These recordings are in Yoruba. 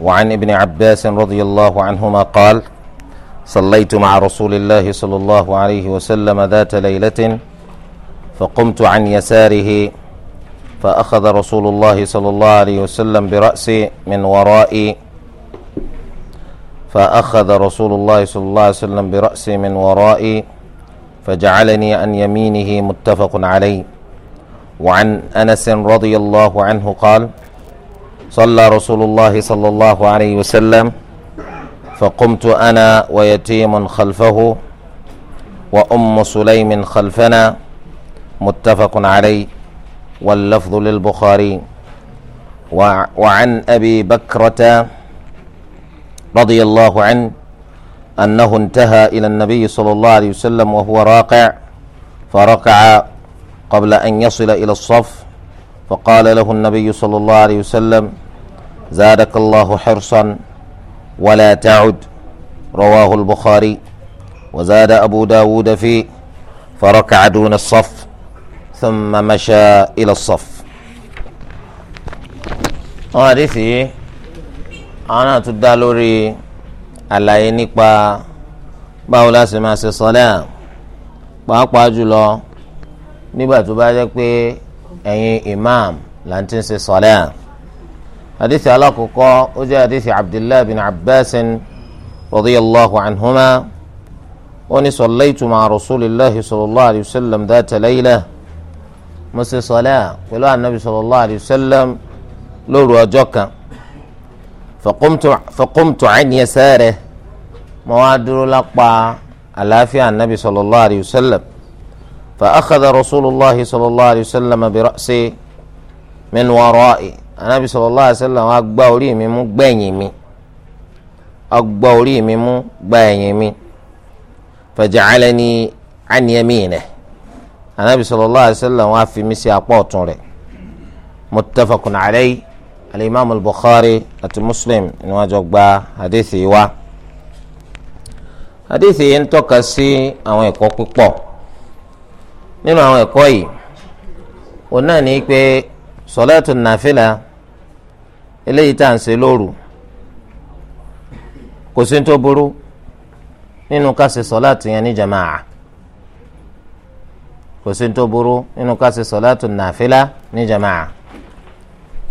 وعن ابن عباس رضي الله عنهما قال صليت مع رسول الله صلى الله عليه وسلم ذات ليله فقمت عن يساره فاخذ رسول الله صلى الله عليه وسلم براسي من ورائي فاخذ رسول الله صلى الله عليه وسلم براسي من ورائي فجعلني عن يمينه متفق عليه وعن انس رضي الله عنه قال صلى رسول الله صلى الله عليه وسلم فقمت أنا ويتيم خلفه وأم سليم خلفنا متفق عليه واللفظ للبخاري وعن أبي بكرة رضي الله عنه أنه انتهى إلى النبي صلى الله عليه وسلم وهو راقع فركع قبل أن يصل إلى الصف فقال له النبي صلى الله عليه وسلم زادك الله حرصا ولا تعد رواه البخاري وزاد أبو داود فيه فركع دون الصف ثم مشى إلى الصف وارثي أنا تدالوري على إنك báwo la ṣe máa ṣe sọlẹ́ à pàápàá jùlọ nígbà tó bá jẹ́ حديث علاقك وجاء حديث عبد الله بن عباس رضي الله عنهما وني صليت مع رسول الله صلى الله عليه وسلم ذات ليلة مس صلاة ولو النبي صلى الله عليه وسلم لور وجوكا فقمت فقمت عن يساره مواد الأقبى على في النبي صلى الله عليه وسلم فأخذ رسول الله صلى الله عليه وسلم برأسي من ورائي anabi sallallahu alaihi wasallam àwọn agbá orí mi mú gbẹ̀yìn mi agbá orí mi mú gbẹ̀yìn mi faja'alani an yaminihi anabi sallallahu alaihi wasallam àwọn afi mi sí apá ọ̀tún rẹ̀ muttafaqun alayhi alimami al-bukhari àti muslim ni wọ́n jọ gba hadithi wa hadithi yìí ń tọ́ka sí àwọn ẹ̀kọ́ púpọ̀ nínú àwọn ẹ̀kọ́ yìí òun náà ní pé sọlẹ́tù nàfìlà eléyìí tá à ń ṣe lóru kò sí tó burú nínú ká ṣe sọlẹ́tù yẹn ní jamaa kò sí tó burú nínú ká ṣe sọlẹ́tù nàfìlà ní jamaa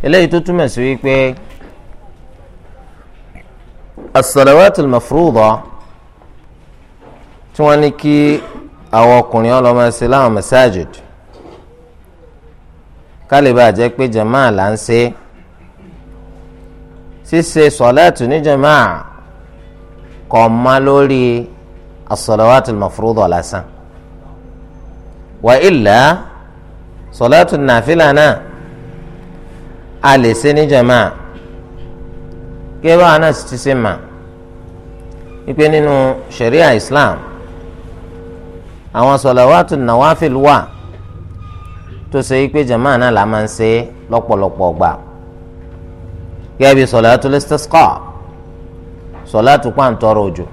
eléyìí tó túmọ̀ sí wípé as-salawatu tí wọ́n ní kí àwọn ọkùnrin ọlọ́mọ ẹ̀sìn láwọn masajid kálíbà jẹ́ pé jamaa là ń ṣe ṣíṣe sọ̀láàtù ní jamaa kọ̀ ma lórí asọ̀làwàtù mafurudọ̀ lásán wà ilà sọ̀láàtù nàfìlà náà a lè ṣe ní jamaa gẹ́gẹ́ àná ti ṣe mà wípé nínú sharia islam àwọn sọ̀làwàtù nàwáfìl wà tó ṣe yí pé jàmáà náà la máa ń ṣe lọ́pọ̀lọpọ̀ gbà gẹ́gẹ́ bí sọ̀látul istisqa sọ̀látù pàǹtọ́rọ òjò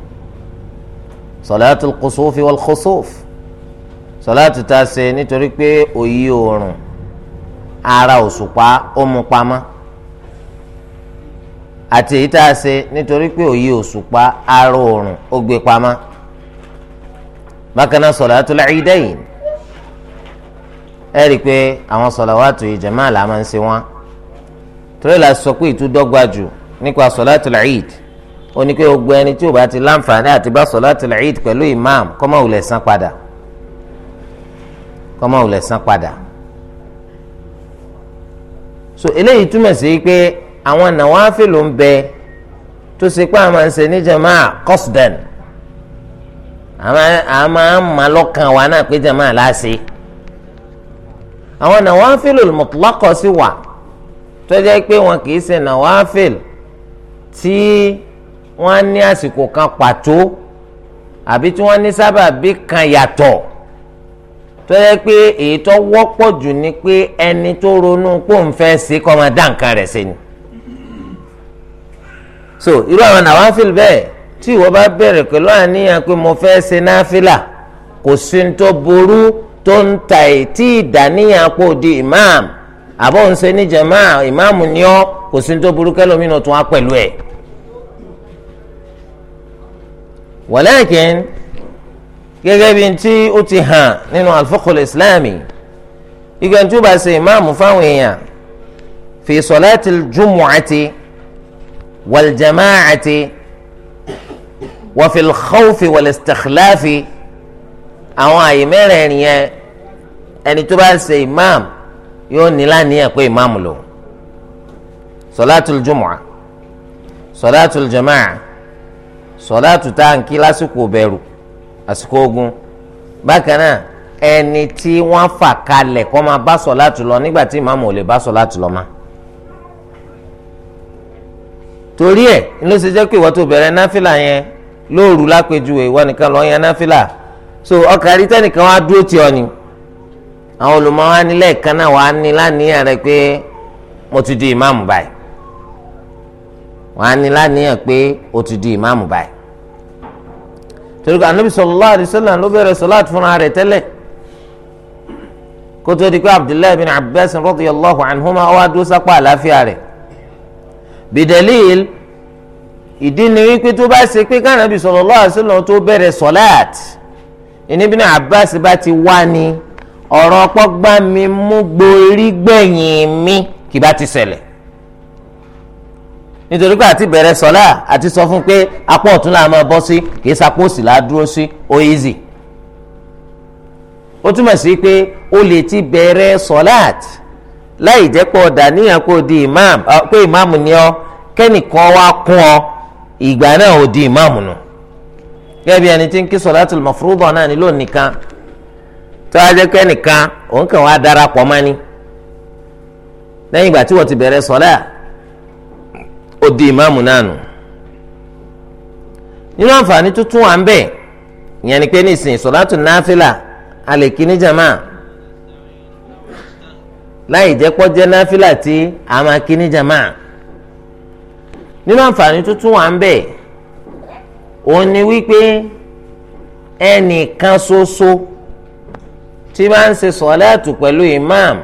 sọ̀látul kusufi wal khusuf sọ̀látù tá a ṣe nítorí pé òyì oòrùn ara òṣùpá ó mú pamọ́ àti èyí tá a ṣe nítorí pé òyì òṣùpá ara oòrùn ó gbé pamọ́ bákan náà sọ̀látul idayn ẹ rí i pé àwọn sọ̀làwátù ìjàmáà là máa ń ṣe wọ́n torí la sọ pé ìtúdọ́gba jù nípa sọ̀làtù làyíd ó ní pé gbogbo ẹni tí ò bá ti láǹfààní àti bá sọ̀làtù làyíd pẹ̀lú imam kọ́mọ ò lè san padà kọ́mọ ò lè san padà so eléyìí túmọ̀ sí pé àwọn nàwáfílù ń bẹ tó ṣe pé àwọn máa ń ṣe níjàmáà qasdan àmọ́ àmọ́ àmọ́ lọ́kàn wa náà pé jàmáà láṣẹ àwọn nawafilul mutlaqo sí wà tó jẹ́ pé wọn kì í ṣe nawafil tí wọ́n ní àsìkò kan pàtó àbí tí wọ́n ní sábàbí kan yàtọ̀ tó yẹ pé èyí tó wọ́pọ̀ jù ni pé ẹni tó ronú pò ń fẹ́ ṣe kọ́ máa dá nǹkan rẹ̀ ṣe ni. so irú àwọn nàwáfíìl bẹ́ẹ̀ tí ìwọ bá bẹ̀rẹ̀ pẹ̀lú àníyàn pé mo fẹ́ ṣe náfìlà kò sí ní tó burú tó ń ta ètí ìdáníyàn kó di imam àbọ̀ ń ṣe ní jama imam ni ọ́ kò sí tó burú kẹlòmínú tún á pẹ̀lú ẹ̀. walakin gẹ́gẹ́ bí tí ó ti hàn nínú al-fiqhul islami ìgbẹ́ntúbà ṣe imam fáwọn èèyàn fi salati al-jumu'ati wal-jama'ati wa fi àwọn àyè mẹ́rẹ̀ẹ̀rin yẹn ẹni tó bá ń ṣe imam yóò ní láníyàn pé imam lò sọláàtúl jùmọ̀à sọláàtúl jàmáà sọláàtú táǹkì lásìkò bẹ̀rù àsìkò ogun bákan náà ẹni tí wọ́n fà kalẹ̀ kó máa bá sọláàtú lọ nígbà tí imam ò lè bá sọláàtú lọ mọ́ torí ẹ̀ ló jẹ́ pé ìwọ́n tó bẹ̀rẹ̀ náfìlà yẹn lóòrù lápẹjù ìwọ nìkan lọ́ọ́ yẹn náfìlà. so ọkàn rí tẹnìkan wá dúró tì ọ ni àwọn olùmọ̀ wa ní lẹ́ẹ̀kan náà wà á rẹ pé mo ti di ìmáàmù báyìí wà á ní láníyàn pé o ti di ìmáàmù báyìí torí pé anabi sallallahu alaihi ló bẹ̀rẹ̀ sọlá fúnra rẹ̀ tẹ́lẹ̀ kó tó di pé abdullahi bin abbas sápá rẹ̀ bidalil ìdí ni wípé tó bá ṣe pé ìníbínú abasi bá ti wá ni ọ̀rọ̀ pọ́gbà mi mú gborí gbẹ̀yìn mi kì bá ti ṣẹlẹ̀ nítorí pé àti bẹ̀rẹ̀ sọ́lá àti sọ fún pé apá ọ̀tún la máa bọ́ sí kì í sapò òsì là dúró sí ó easy ó túmọ̀ sí pé o lè ti bẹ̀rẹ̀ sọ́láàt láì jẹ́ pé ọ̀dà níyàn kó di imam pé imam ni ọ kẹ́nìkan wá kún ọ ìgbà náà ò di imam nù. No gẹ́gẹ́ bí ẹni tí ń kí sọ̀láàtì mọ̀fúrúdọ̀ náà nílò nìkan tó a jẹ́ pé nìkan òun kàn wá darapọ̀ mọ́ ni lẹ́yìn ìgbà tí wọ́n ti bẹ̀rẹ̀ sọ̀lá ó di ìmáàmù náà nù nínú àǹfààní tuntun à ń bẹ̀ ìyẹn ni pé nísìnyí sọ̀láàtù náfìlà a kí ní jàmá láì jẹ́ pọ́ jẹ́ náfìlà tí a máa kí ní jàmá nínú àǹfààní tuntun à ń bẹ̀ òun ni wípé ẹnìkan ṣoṣo tí bá ń ṣe sọ̀láàtù pẹ̀lú imam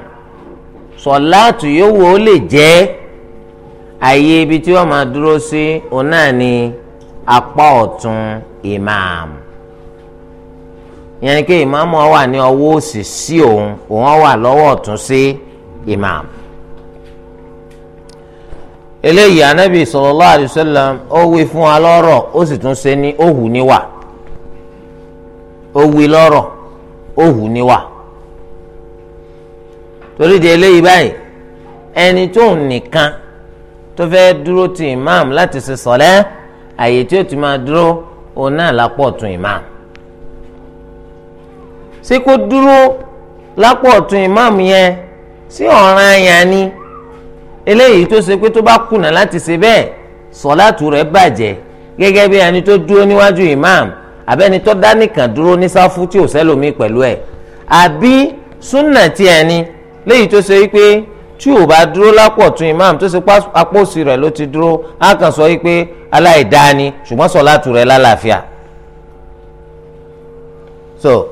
sọ̀láàtù yòówù ó lè jẹ́ àyè ibi tí wọ́n máa dúró sí òun náà ni apá ọ̀tún imam yẹn ni pé imam wà ní ọwọ́ òsì sí òun òun wà lọ́wọ́ ọ̀tún sí imam eléyìí anabi sallallahu alayhi wa sallam ó wí fún wa lọ́rọ̀ ó sì tún ṣe ní ó hù níwà ó wí lọ́rọ̀ ó hù níwà torí di eléyìí báyìí ẹni tó nìkan tó fẹ́ dúró ti imam láti ṣe sọ̀lẹ́ àyè tí ó ti máa dúró òun náà lápọ̀ tún imam ṣé kó dúró lápọ̀ tún imam yẹn sí ọ̀ranyàn ni eléyìí tó ṣe pé tó bá kùnà láti ṣe bẹ́ẹ̀ sọ̀láàtù rẹ̀ bàjẹ́ gẹ́gẹ́ bí ẹni tó dúró níwájú imam àbẹ́ni tó dá nìkan dúró ní sáfù tí ò sẹ́lòmí pẹ̀lú ẹ̀ àbí súnà tí ẹni léyìí tó ṣe wípé tí ò bá dúró lápọ̀tún imam tó ṣe apòsí rẹ̀ ló ti dúró á kàn sọ wípé aláìdáni ṣùgbọ́n sọ̀láàtù rẹ̀ lálàáfíà. so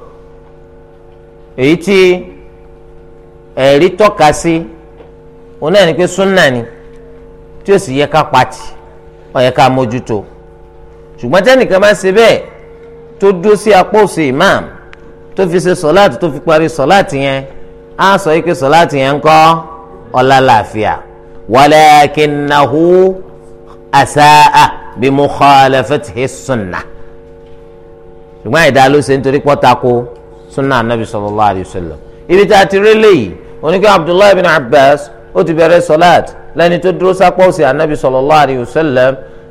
èyí tí ẹ̀rí tọ́ka sí òun náà ni pé súnà ni tí ó sì yẹ ká pati ó yẹ ká mójútó ṣùgbọ́n tẹ́nìkan bá ṣe bẹ́ẹ̀ tó dúró sí apá òsì imam tó fi ṣe sọ́láàtì tó fi parí sọ́láàtì yẹn á sọ yìí pé sọ́láàtì yẹn ń kọ́ ọ̀la làáfíà walakinnahu asaa bi mukhalafatihi sunna ṣùgbọ́n àìdá ló ṣe nítorí pọ́tako sunna anabi sallallahu alayhi ibi tá a ti rí léyìí oníkẹ́ abdullahi bin abbas ó ti bẹ̀rẹ̀ sọláàt lẹ́ni tó dúró sápọ̀ òsì anabi sallallahu alayhi wa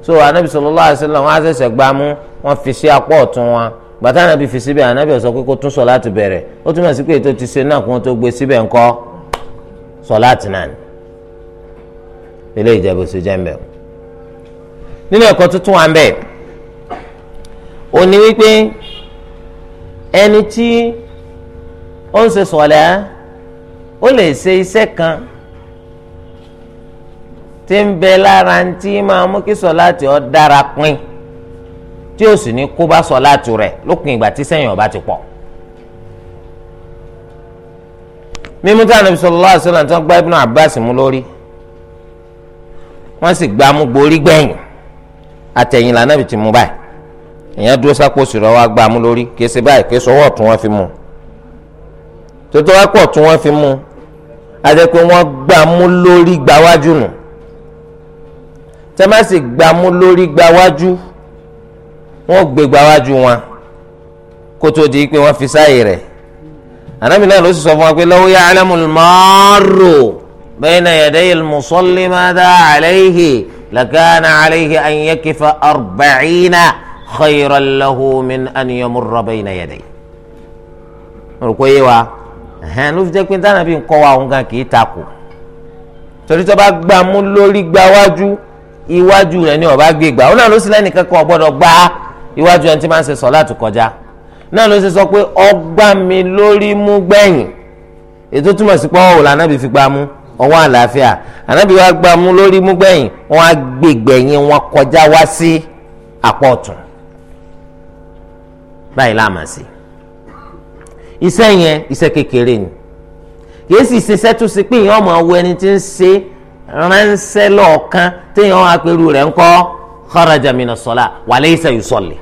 so anabi sallallahu alayhi wa sallam wọ́n á ṣẹ̀ṣẹ̀ gbámú wọ́n fi sí apọ̀ ọ̀tún wọn bàtà anabi fi síbẹ̀ anabi sọ pé kó tún sọláàt bẹ̀rẹ̀ ó túmọ̀ sí pé ètò ti ṣe náà kó tó gbé síbẹ̀ ńkọ́ sọláàt náà ni ilé ìjẹ́bù sí jẹ́ mbẹ́ nínú ẹ̀kọ́ tuntun wa mbẹ́ ó ní wípé ẹni tí ó ń ṣe sọ̀lẹ́ ó lè ṣe iṣẹ́ kan tí ń bẹ lára ń tí máa mú kí sọláàtì ọ dára pín tí ó sì ní kó bá sọláàtì rẹ̀ lópin ìgbà tí sẹ́yìn ọba ti pọ̀. mímú tí Ànábì sallallahu alaihi wasallam tó ń gbá Ibn Abbas mú lórí wọ́n sì gbá mú gborí gbẹ̀yìn àtẹ̀yìn lànàbì ti mú báyìí èèyàn dúró sápò sùrọ̀ wá gbá mú lórí kì báyìí kì í ọ̀tún wọn fi mú tó tó wá pọ̀ tún wọn fi mú adé pé wọ́n gbá mú lórí gbáwájú nù tẹ́ má sì gbámú lórí gbáwájú wọ́n gbé gbáwájú wọn kó tó di pé wọ́n fi sáyè rẹ̀ ànábì náà ló sì sọ fún wa pé law ya'lamul marru bayna yadayil musalli madha alayhi lakana alayhi an yakifa arba'ina khayran lahu min an yamurra bayna yadayhi. mo rò pé yé wa ẹ̀hẹ́n ló fi jẹ́ pé tánàbí ń wa òun gan kì í takò torí tó bá gbámú lórí gbáwájú iwájú rẹ̀ ni ọba gbé gbà ó náà ló sì lẹ́nìkan kan ọgbọ́dọ̀ gbá iwájú ẹni tí máa ń ṣe sọ̀láàtù kọjá náà ló sì sọ pé ọgbà mi lórí mú gbẹ̀yìn ètò túmọ̀ sí pé ọwọ́ òòlù anábì fi gbá mú ọwọ́ àlàáfíà anábì wa gbá mú lórí mú gbẹ̀yìn wọ́n á gbé gbẹ̀yìn wọn kọjá wá sí apá ọ̀tún báyìí láàmà sí iṣẹ́ yẹn iṣẹ́ kékeré ni kì sì ṣiṣẹ́ tó ṣe pé ìyẹn ọmọ ọwọ́ ẹni tí ń ṣe é ránṣẹ́ lọ́ọ̀kan téèyàn wá pẹ̀lú rẹ̀ ńkọ́ kharaja mina sọ́lá wa laysa yusalli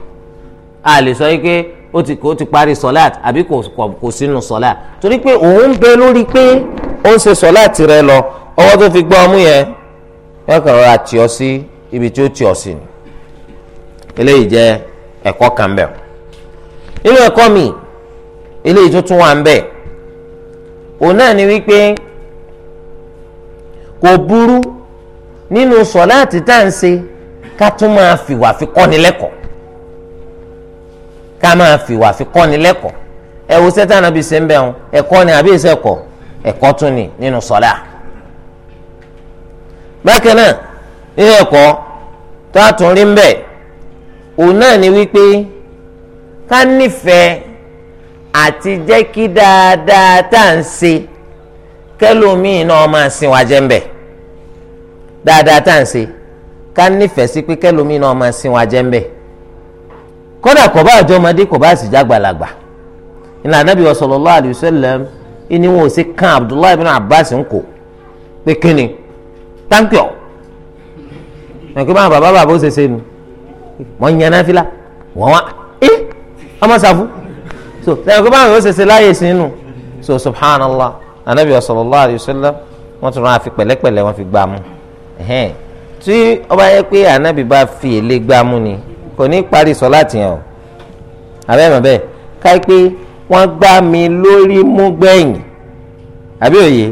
a lè sọ wípé ó ti kó ti parí sọ́lá àbí kò sínú sọ́lá torí pé òun ń bẹ lórí pé ó ń ṣe sọ́lá tirẹ̀ lọ ọwọ́ tó fi gbọ́ ọmú yẹn yóò kàn rọra tì ọ́ sí ibi tí ó tì ọ́ sí ni eléyìí jẹ́ ẹ̀kọ́ kan bẹ́ẹ̀ nínú ẹ̀kọ́ mi eléyìí tó tún wà ń bẹ́ẹ̀ òun náà ni wípé. kò burú nínú sọláàtì tá à ń ṣe ká tún máa fìwà fi kọ́ni lẹ́kọ̀ọ́ ká máa fi kọ́ni lẹ́kọ̀ọ́ ẹ wo sẹ́tàn àbí wọn ni àbí tún nínú sọlá. bákan náà nínú ẹ̀kọ́ tó a tún rí ń bẹ̀ òun náà ni wípé ká nífẹ̀ẹ́ àti jẹ́ kẹlòmíì náà máa sin wa jẹ́ mbẹ. dáadáa tá à ń ṣe ká nífẹ̀ẹ́ sí pé kẹlòmíì náà máa sin wa jẹ́ ń bẹ̀ kò bá àjọ ọmọdé kò bá sì jágbàlagbà ìlànà Ànábì ìní wọn ò sí kan Abdullahi bin Abbas ń kò pé kíni tánkìọ̀ ẹ̀kọ́ bá bàbá bàbá ó ṣe ṣe nu wọ́n náà fila wọ́n wá ẹ́ ọmọ so ẹ̀kọ́ bá bàbá ó ṣe ṣe so subhanallah. anabi sallallahu alayhi wa sallam wọ́n tún rán àfi pẹ̀lẹ́pẹ̀lẹ́ wọ́n fi gbá mú ẹ̀hẹ́n tí ó bá yẹ pé anabi bá fi èlé gbá mú ni kò ní parí sọ láti yàn o àbẹ́ mọ̀ bẹ́ẹ̀ káyí pé wọ́n gbá mi lórí mú gbẹ̀yìn àbí òye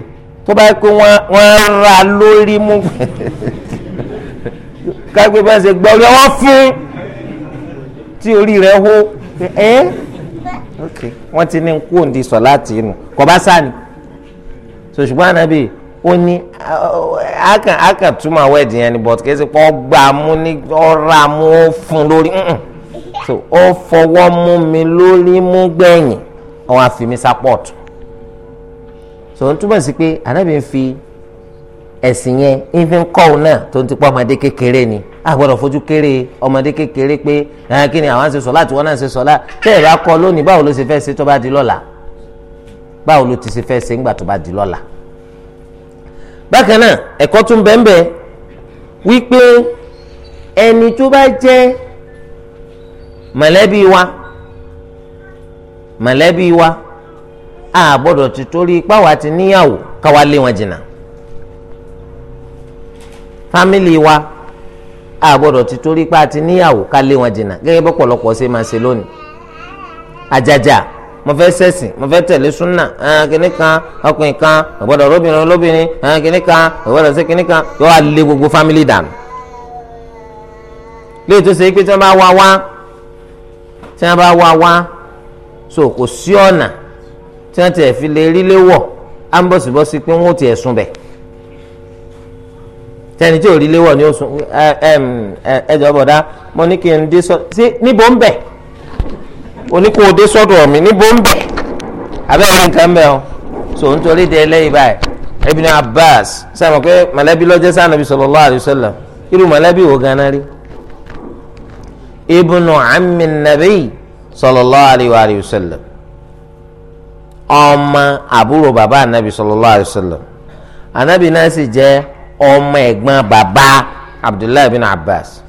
tó bá yẹ pé wọ́n ra lórí mú gbẹ̀yìn káyí pé bá ṣe gbọ́ orí ọwọ́ fún tí orí rẹ̀ hó ẹ́ ok wọ́n ti ní kó ń di sọ láti inú kò bá sáà ni so ṣùgbọ́n ànábì ó ní akàn akàn túmọ̀ àwọn ẹ̀dìn yẹn ni but kì í ṣe pé ó gbà mú ní ọ̀rá mú ó fún lórí so ó fọwọ́ mú mi lórí mú gbẹ̀yìn àwọn àfimi support so n túmọ̀ sí pé ànábì ń fi ẹ̀sìn yẹn ń fi ń náà tó ń ti pọ́ ọmọdé kékeré ni a gbọ́dọ̀ fojú kéré ọmọdé kékeré pé kí ni àwọn ṣe sọ láti wọ́n náà ṣe sọ láti tẹ́ ẹ̀ bá kọ́ lónìí báwo ló ṣe fẹ́ ṣe tó bá di lọ́la báwo ló ti ṣe fẹ́ ṣe ńgbà tó bá di lọ́la bákan náà ẹ̀kọ́ tún bẹ́ẹ̀nbẹ́ wípé ẹni tó bá jẹ́ mọ̀lẹ́bí wa mọ̀lẹ́bí wa a gbọ́dọ̀ ti torí ipá wa ti níyàwó káwa lé wọn jìnnà fámìlì wa a gbọ́dọ̀ ti torí ipá ti níyàwó ká lé wọn jìnnà gẹ́gẹ́ bọ́pọ̀lọpọ̀ ṣe máa ṣe lónìí ajaja mo fẹ́ sẹ̀sìn mo fẹ́ tẹ̀lé súnà kìnnì kan ọkùnrin kan ọ̀gbọ́dọ̀ lóbìnrin lóbìnrin kìnnì kan ọ̀gbọ́dọ̀ sí kìnnì kan yóò wá lé gbogbo fámìlì dànù. léyìí tó ṣe é pé tí wọ́n bá wá wá tí wọ́n bá wá wá so kò sí ọ̀nà tí wọ́n tiẹ̀ fi lè rí léwọ̀ á ń bọ̀sibọ́sí pé wọ́n ò tiẹ̀ sùn bẹ̀ tẹni tí ò rí léwọ̀ ni ó sùn ẹ ẹ ẹ jọ bọ̀dá mo ní kí n dé sọ sí níbo ń bẹ̀ oníkóòdé sọ́dọ̀ mi níbo ń bẹ̀ abẹ́rẹ́ nǹkan bẹ́ẹ̀ o so nítorí de eléyìí báyìí Ibn Abbas sábà pé mọ̀lẹ́bí lọ́jọ́ sáà nàbí sallallahu alayhi wa sallam irú mọ̀lẹ́bí wo gan-an rí ibnu ammi nabi sallallahu alayhi wa sallam ọmọ àbúrò bàbá anabi sallallahu alayhi wa sallam anabi náà sì jẹ́ ọmọ ẹ̀gbọ́n bàbá abdullahi bin abbas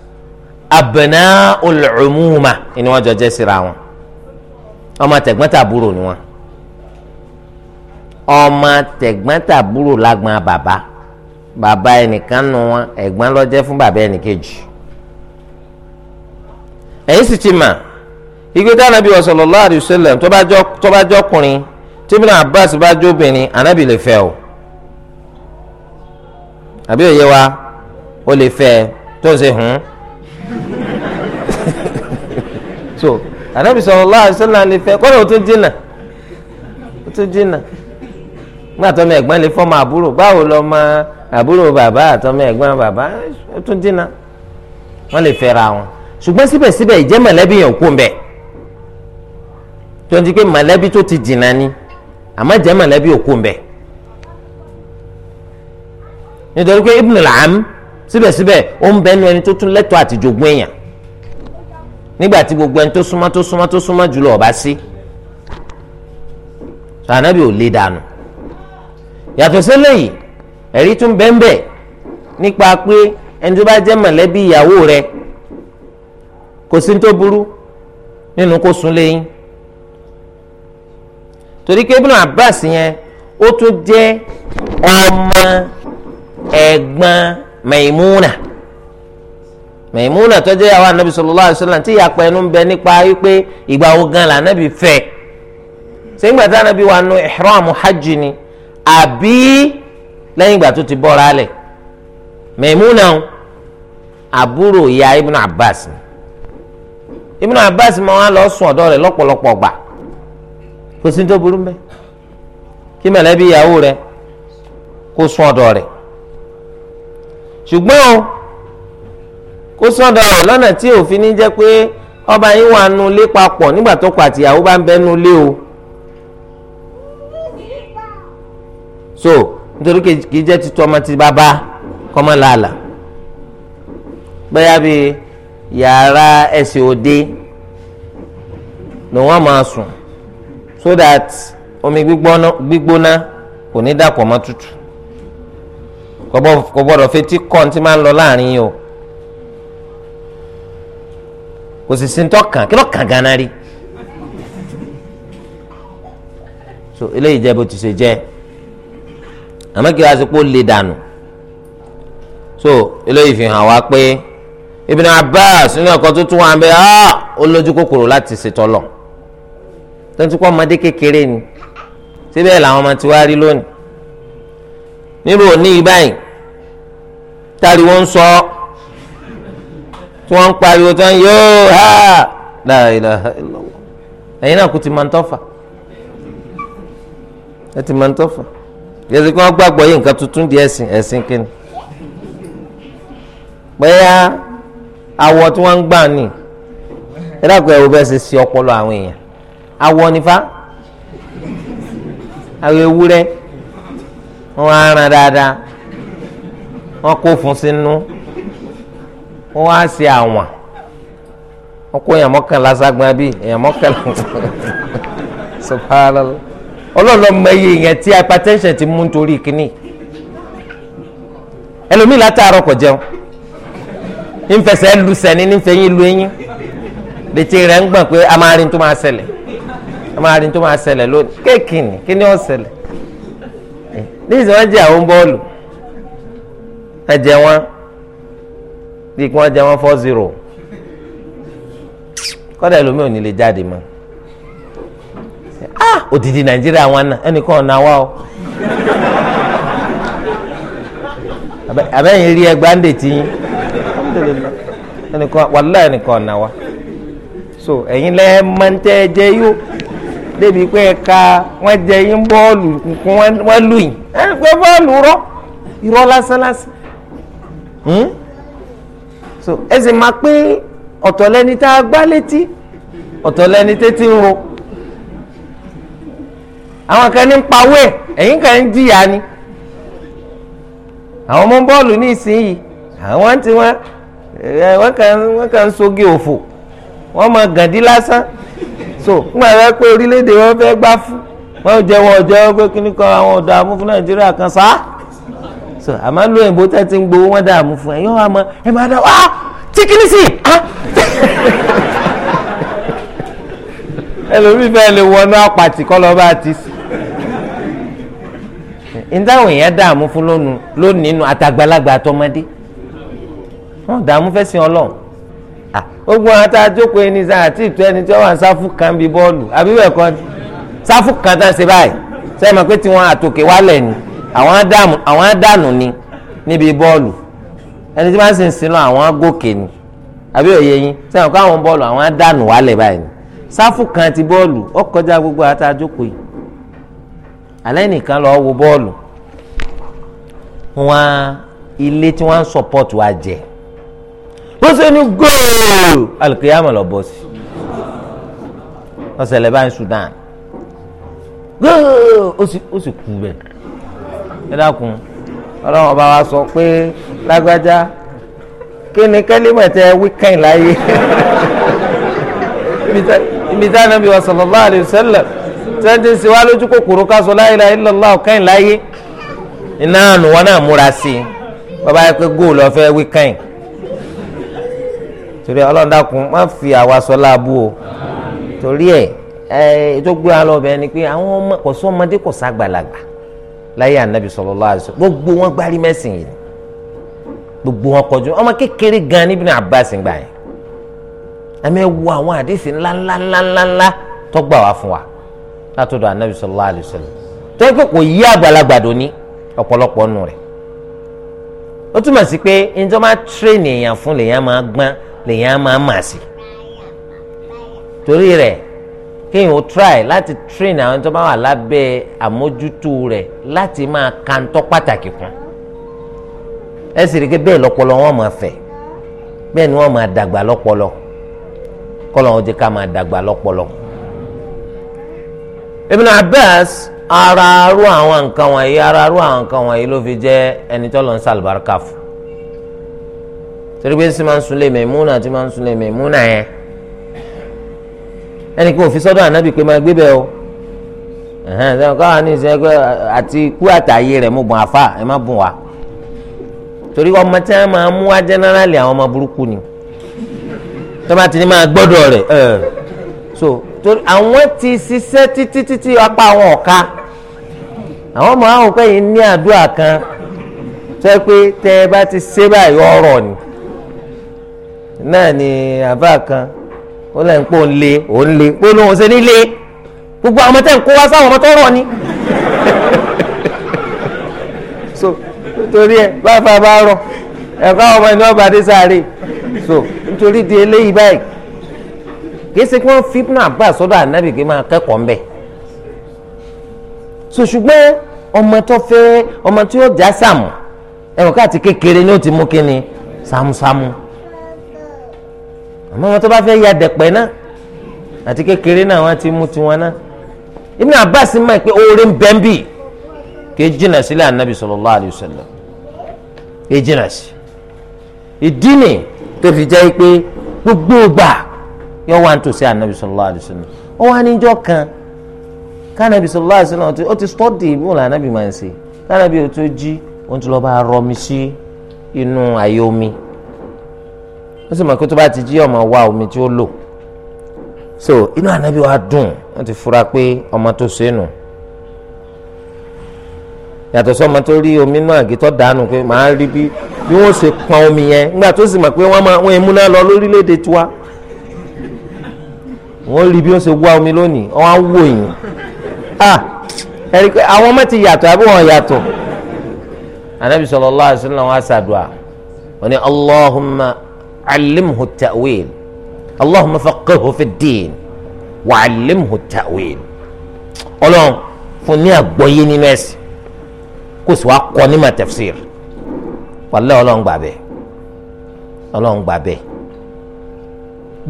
abna'ul umuma ni jẹ́ síra wọn ọmọ tẹ̀gbọ́n-tàbúrò ni wọ́n ọmọ tẹ̀gbọ́n-tàbúrò lágbọn bàbá bàbá ẹnìkan nu wọn ẹ̀gbọ́n ló jẹ́ fún bàbá ẹnìkejì èyí sì ti mà igbe tí anabi sallallahu alaihi wasallam tó bá jọkùnrin tí Ibn Abbas bá jóbìnrin anabi lè fẹ́ o àbí òye wa ó lè fẹ́ tó ń ṣe hùn so ànábì sallallahu alaihi wasallam lè fẹ́ kọ́dọ̀ ó tún jìnnà ó tún jìnnà nígbà tọ́mọ ẹ̀gbọ́n lè fọ́mọ àbúrò báwo lọ mọ àbúrò bàbá àtọ́mọ ẹ̀gbọ́n bàbá ó tún jìnnà wọ́n lè fẹ́ra wọn ṣùgbọ́n síbẹ̀síbẹ̀ ìjẹ́ mọ̀lẹ́bí yẹn kú mbẹ́ tó ń pé mọ̀lẹ́bí tó ti jìnnà ni àmọ́ ìjẹ́ mọ̀lẹ́bí ò kú mbẹ́ nítorí pé ibùdó làám síbẹ̀síbẹ̀ ó ń bẹ́nu ẹni tó tún lẹ́tọ̀ọ́ àti jogún èèyàn nígbà tí gbogbo ẹni tó súnmọ́ tó súnmọ́ tó súnmọ́ jùlọ ọba sí sọ ànábì ò lè dànù yàtọ̀ sẹ́lẹ̀yìí ẹ̀rí tún bẹ́ńbẹ́ nípa pé ẹni tó bá jẹ́ mọ̀lẹ́bí ìyàwó rẹ kò sí tó burú nínú kó sùn lẹ́yìn torí pé Ibn Abbas yẹn ó tún jẹ́ ọmọ ẹ̀gbọ́n Maimuna. E na tó jẹ́ wa anabi sallallahu alaihi tí ìyàpọ̀ ẹnu ń bẹ nípa wípé ìgbà wo gan la anabi fẹ́ sẹ́yìngbà tí anabi wà nù ihram hajj ni àbí lẹ́yìn ìgbà tó ti bọ́ra alẹ̀ Maimuna àbúrò ìyá Ibn Abbas Ibn Abbas máa wá lọ sùn ọ̀dọ̀ rẹ̀ lọ́pọ̀lọpọ̀ gbà kò sí tó burú mbẹ́ kí mẹ̀lẹ́bí ìyàwó sùn kó sọ́dọ̀ rẹ̀ lọ́nà tí òfin ní jẹ́ pé ọba yín wà nù lé papọ̀ nígbà tó kọ àtìyàwó bá ń bẹ nù lé o. so nítorí kìí jẹ́ títú ọmọ tí bàbá kọ́mọ làálà bẹ́ẹ̀ bí yàrá ẹ̀sìn òde ni wọ́n máa sùn so that omi gbígbóná kò ní dàpọ̀ mọ́ tútù kò gbọ́dọ̀ fetí kọ́ńtì máa ń lọ láàrin yìí o. kò sì sí ntọ́kàn kí lọ́kàn gánà rí so eléyìí jẹ́ bó ti ṣe jẹ́ àmọ́ kí wàá sọ pé ó lè dànù so eléyìí fi hàn wá pé Ibn Abbas nínú ẹ̀kọ́ tó tún wà bẹ́ẹ̀ ah ó lójú kòkòrò láti ṣètò lọ tó ń tún kọ́ ọmọdé kékeré ni síbẹ̀ làwọn ọmọ ti wá rí lónìí nírò ní ibáyìí táriwo ń sọ ọ́ tí wọ́n ń pariwo tán yóò ha la ilaha illallah ẹ̀yin náà kò ti máa ń tọ́fà ẹ ti máa ń tọ́fà yẹ́sì kí wọ́n gbàgbọ́ yìí nǹkan tuntun di ẹ̀sìn ẹ̀sìn kìíní bẹ́ẹ̀ awọ tí wọ́n ń gbà ní ẹ dàgbà ẹ̀wọ̀ bẹ́ẹ̀ ṣe ṣe ọpọlọ àwọn èèyàn awọ nífa àwọn ewúrẹ́ wọ́n á ràn dáadáa wọ́n kó fún sínú. Si wọ́n wá ṣe àwọn wọ́n èèyàn mọ́kànlá ságbọ́n bí èèyàn tí hypertension ti mú nítorí kínní ẹlòmíì látàárọ̀ kò jẹun ńfẹsẹ̀ lu sẹ́ni ńfẹ̀yìn lu eyín létí ń gbọ̀n pé a máa rin tó máa a máa rin tó máa lónìí ni bí kí wọ́n jẹ wọ́n fọ́ zero kọ́dà ẹlòmíì ò ní lè jáde mọ́ ah òdìdí nàìjíríà wọn náà ẹnìkan ọ̀nà wa o abẹ́yìn rí ẹgbàá ń dè tí yín ẹnìkan wàlúwà ẹnìkan ọ̀nà so ẹ̀yin lẹ́ máa ń tẹ́ ẹ jẹ yó débi pé ka wọ́n jẹ yín bọ́ọ̀lù wọ́n lù yín rọ irọ́ lásán lásán. Hmm? so ẹ sì máa pé ọ̀tọ̀ lẹni tá a gbá létí ọ̀tọ̀ lẹni tẹ́tí ń ro àwọn kan ní ń pawó ẹ̀ ẹ̀yìn kan ń jìyà ni àwọn ọmọ bọ́ọ̀lù ní ìsinyìí àwọn tí wọ́n wọ́n kàn wọ́n kàn ń soge òfò wọ́n mọ gàdí lásán so fún àwọn pé orílẹ̀-èdè wọn fẹ́ gbá fún wọn jẹ́ wọn jẹ́ wọn pé kíní kan àwọn ọ̀dọ́ amú nàìjíríà kan sáà so àmọ́ lóyìnbó tẹ́ ti ń gbowó wọ́n dààmú fún ẹ yóò wá mọ ẹ máa dá wá tíkìlì sí i ah. ẹlòmíì bẹ́ẹ̀ lè wọnú àpàtì kọ́ lọ́ọ́ bá ti sí ìdáhùn èèyàn dààmú fún lónìí lónìí nu àtàgbàlagbà àtọmọdé wọn dààmú fẹsẹ̀ ọlọ́run ah, ogun ata àjókòó ẹni sáà àti ìtọ́ ẹni tí wọ́n wà sáfù kan bí bọ́ọ̀lù àbí bẹ́ẹ̀ kọ́ sáfù kan tá a ṣe báyìí sẹ́yìn mọ̀ pé tiwọn àtòkè wálẹ̀ ni àwọn àdánù ni níbi bọ́ọ̀lù ẹni tí wọ́n sì ń sinú àwọn gòkè ni àbí òye yín sẹ́wọ̀n káwọn bọ́ọ̀lù àwọn àdánù wálẹ̀ báyìí sáfù kan ti bọ́ọ̀lù ó kọjá gbogbo àtàjókòó yìí alẹ́ nìkan lọ́ọ́ wo bọ́ọ̀lù wọn ilé tí wọ́n ń sọ̀pọ̀tù wa jẹ bó ṣe ní góòlù alùkìyàmọ̀ lọ bọ́ sí ọ̀sẹ̀ lẹ́bàá ní Sudan góòlù ó sì kú bẹ́ẹ̀ ẹ dákun ọlọ́run ọba wa sọ pé lágbájá kí ni kẹ́límọ̀ tẹ wíkẹ́ǹd láyé ibi tá nàbí wa sallallahu alayhi wa sallam tẹ́tí ń siwá lójú kòkòrò ká sọ la ilaha illallah kẹ́ǹd láyé iná àánú wọn náà múra sí i bàbá yẹ pé góòlù ọ̀fẹ́ wíkẹ́ǹd torí ọlọ́run dákun má fi àwa sọ láàbù o torí ẹ̀ ẹ̀ tó gbé wa lọ bẹ́ẹ̀ ni pé àwọn ọmọ kò sọ ọmọdé kò sàgbàlagbà láyé ànábì sallallahu alaihi wasallam gbogbo wọn gbárí mẹ́sìn yìí gbogbo wọn kọjú ọmọ kékeré gan ni Ibn Abbas gbà yẹn àmì ẹwu àwọn àdéhìí ńláńláńláńlá tó gbà wá fún wa látọ̀dọ̀ ànábì sallallahu alaihi wasallam tó yẹ pé kò yí àgbàlagbà dòní ọ̀pọ̀lọpọ̀ nù rẹ̀ ó túmọ̀ sí pé njọ́ máa èèyàn fún lèèyàn máa gbọ́n lèèyàn máa mà sí torí rẹ̀ kéèyàn ó try láti train àwọn tó bá wà lábẹ́ àmójútó rẹ̀ láti máa ka ntọ́ pàtàkì kún ẹ sì rí i pé bẹ́ẹ̀ lọ́pọlọ wọn máa fẹ̀ bẹ́ẹ̀ ni wọ́n máa dàgbà lọ́pọlọ kọ́lọ́ wọn jẹ́ ká máa dàgbà lọ́pọlọ. Ibn Abbas ara arú àwọn nǹkan wọ̀nyí ara arú àwọn nǹkan wọ̀nyí ló fi jẹ́ ẹni tó lọ ń sàlùbáríkà fún torí pé sì máa ń sunlé Maimuna tí máa ń sunlé Maimuna yẹn ẹnì kan ò fi sọ́dọ̀ ànábì pé máa gbé bẹ́ẹ̀ o ẹ̀hẹ́n káwọn ní ìsìn ẹgbẹ́ àti kú àtàyè rẹ̀ mo bùn àfà ẹ má bùn wá torí ọmọ tí wọ́n máa mú wá jẹ́nẹ́rálì àwọn ọmọ burúkú ni tó bá ti ní máa gbọ́dọ̀ rẹ̀ ẹ̀ so torí àwọn ti ṣiṣẹ́ títí títí apá àwọn ọ̀ka àwọn ọmọ àwọn òpẹ́ yìí ní àdúrà kan tó yẹ pé tẹ́ ẹ bá ti ṣe báyìí ọ̀rọ̀ ni náà ni àbá kan. ó lẹ́yìn pé òun le òun le pé òun ṣe gbogbo àwọn tẹ́ ń kó wá ni. so torí ẹ báfa bá rọ ẹ̀ka ọmọ so nítorí di eléyìí báyìí kì í ṣe kí wọ́n fi bá sọ́dọ̀ ànábì kí so ṣùgbọ́n ọmọ tó fẹ́ ọmọ tí já sàmù ẹ̀wọ̀n káàtì kékeré ni ó ti mú samu Samu àmọ́ wọn tó bá fẹ́ ya dẹ̀pẹ́ náà àti kékeré náà wọ́n ti mú tiwọn náà Ibn Abbas mọ̀ pé oore ń bẹ́ẹ̀ bì kí jìnnà sílẹ̀ anabi sallallahu alayhi wa sallam kí jìnnà sí ìdí ni tó fi jẹ́ pé gbogbo gbà yọ wá ń tòsí anabi sallallahu alayhi sallam ó wá níjọ́ kan kánabi sallallahu alayhi wa sallam ó ti stọ́dì bí wọn là anabi máa ń ṣe kánabi ó tó jí ó ń tún lọ́ọ́ bá rọmi sí inú ayé omi wọ́n sì mọ̀ pé tó bá ti jí ọmọ wa omi tí ó lò so inú ànábì wa dùn wọ́n ti fura pé ọmọ tó ṣe é nù yàtọ̀ sọ́mọ tó rí omi náà àgìtọ́ dànù pé màá rí bí bí wọ́n ṣe pọn omi yẹn nígbà tó sì mọ̀ pé wọ́n máa wọ́n emúná lọ lórílẹ̀‐èdè tiwa wọ́n rí bí wọ́n ṣe wá omi lónìí wọ́n á wò yín ah ẹ̀rí pé àwọn ọmọ ti yàtọ̀ àbí wọ́n yàtọ̀ ànábì sallallahu alaihi wasallam wá ṣàdùà wọ́n ní Allahumma. علمه التأويل اللهم فقهه في الدين وعلمه التأويل Ọlọ́run fún ní àgbọ́yé nínú ẹsẹ kò sì wá kọ́ ní ma tafsir wàlẹ Ọlọ́run gbà bẹ́ẹ̀ Ọlọ́run gbà bẹ́ẹ̀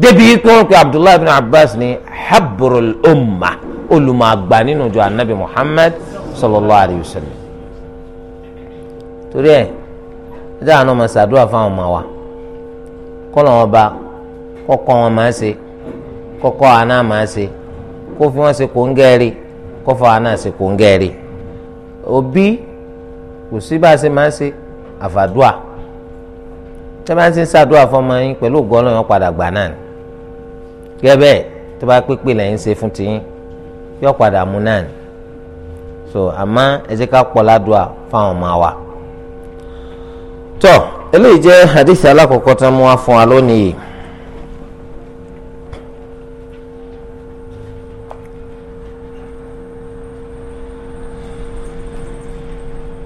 débi kí wọn pe Abdullahi bin Abbas ní habrul umma olùmọ̀ àgbà nínú ìjọ anabi Muhammad sallallahu alayhi wa sallam torí ẹ ẹ dáhùn ọmọ sàdúrà fáwọn ọmọ wa kọ́lọ̀ wọn ba kọ́kọ́ wọn máa ṣe kọ́kọ́ wa náà máa ṣe kó fi wọn ṣe kó ń gẹ́rì kó fa wa náà ṣe kó ń gẹ́rì òbí kò sí bá a ṣe máa ṣe àfàdúà tẹ́ bá ń ṣe ń ṣàdúà fọmọ yín pẹ̀lú ògbọ́n ọlọ́run padà gbà náà ni gẹ́bẹ́ tó bá pépè lẹ́yìn ṣe fún tiyín yóò padà mú náà ni so àmọ́ ẹ jẹ́ ká pọ̀ ládùá fáwọn ọmọ wa tọ́. So, eléyìí jẹ́ hadith alákọ̀ọ́kọ́ tó ń mú wa fún wa lónìí yìí.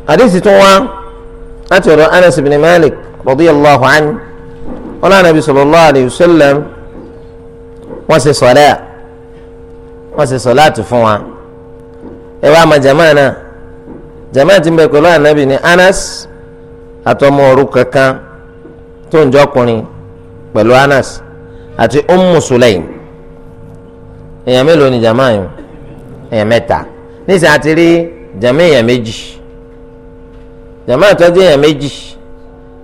hadith tó wá láti ọ̀dọ̀ Anas ibn Malik radiyallahu anhu wọn náà nàbí sallallahu alayhi wa sallam wọ́n ṣe sọ̀lẹ́ à wọ́n ṣe sọ̀lẹ́ àti fún wa ẹ wá ma jama náà jama ti ń bẹ pẹ̀lú anabi ni Anas àtọmọ òrukàn kan tó ń jọkùnrin pẹ̀lú Anas àti Ummu Sulaim èèyàn mélòó ni jàmáà yìí èèyàn mẹ́ta nísìnyí àti rí jàmáà èèyàn méjì jàmáà tọ́jú èèyàn méjì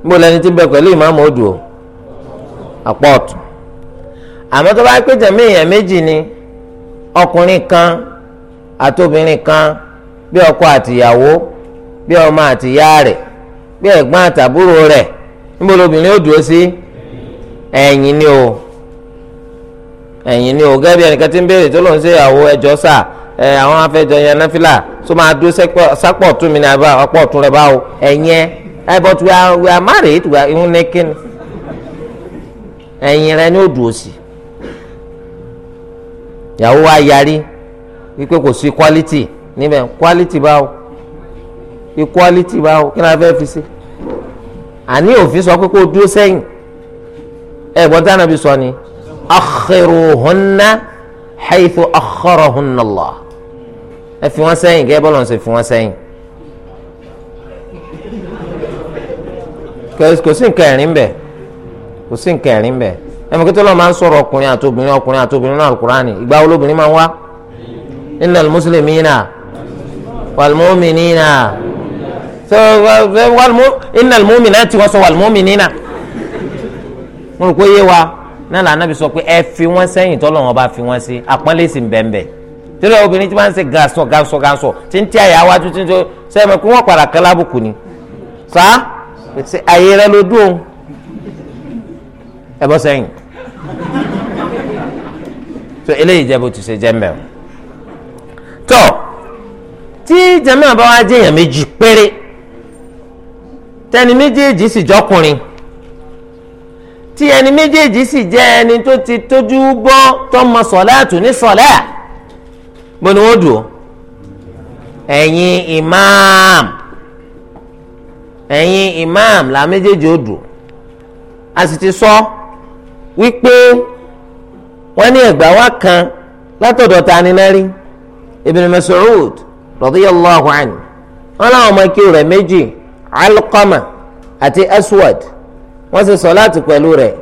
níbo lẹni tí ń bẹ pẹ̀lú ìmáàmù odò àpọ̀ ọ̀tún tó bá pé jàmáà èèyàn méjì ni ọkùnrin kan àtobìnrin kan bí ọkọ àtìyàwó bí ọmọ àtìyá rẹ̀ bí ẹ̀gbọ́n àtàbúrò rẹ̀ níbo lobìnrin ó dúró sí ẹ̀yìn ni o ẹ̀yìn ni o gẹ́gẹ́ bí ẹnìkan ti ń béèrè tó lóun ṣe ìyàwó ẹjọ́ sà ẹ àwọn afẹ́jọ yẹn náfìlà tó máa dúró sápọ̀ tún mi ní abá ọ̀pọ̀ tún rẹ̀ báwo ẹ̀yìn but we ni ó dúró sí equality báwo kí la fẹ́ fi ṣe àní òfin sọ pé kó o dúró sẹ́yìn ẹ gbọ́n tí Ànábì sọ ni akhiruhunna haythu akharahunna Allah ẹ fi wọ́n sẹ́yìn kẹ́ bọ́lọ̀ ṣe fi wọ́n sẹ́yìn kò sí nǹkan ẹ̀rín bẹ̀ kò sí nǹkan ẹ̀rín bẹ̀ ẹ mọ̀ kí tó lọ́ọ́ máa ń sọ̀rọ̀ ọkùnrin àti obìnrin ọkùnrin àti obìnrin náà al ìgbà wo lóbìnrin máa ń wá innal muslimina wal mu'minina so ìnàlmọ́mì náà ti wọ́n sọ wàlmọ́mì nínà mo rò pé yé wa náà lànà bí sọ pé ẹ fi wọ́n sẹ́yìn tọ́lọ̀ wọn bá fi wọ́n sí àpọ́nlé sì ń bẹ̀ẹ̀bẹ̀ torí obìnrin tí wọ́n ń ṣe gàṣọ gàṣọ gàṣọ tí ń tí àyà wájú tí ń tó sẹ́yìn pé wọ́n padà kálábùkù ni sá àyè rẹ ló dùn òun ẹ bọ́ sẹ́yìn so eléyìí jẹ́ bó ti ṣe jẹ́ mẹ́rin tọ́ tí jẹ́mẹ́ àbáwá jẹ́yàn méjì péré tẹni méjèèjì sì jọkùnrin tí ẹni méjèèjì sì jẹ́ ẹni tó ti tójú bọ́ tọmọ sọ̀láàtù ní sọ̀láà bó ni wọ́n dùn ó ẹ̀yin imam ẹ̀yin imam la méjèèjì ó dùn a sì ti sọ wípé wọ́n ní ẹ̀gbà wa kan látọ̀dọ̀ ta ni náà rí Ibn Mas'ud radiyallahu anhu wọ́n láwọn ọmọ ikú rẹ̀ méjì alqama àti aswad wọ́n ṣe sọ̀láàtì pẹ̀lú rẹ̀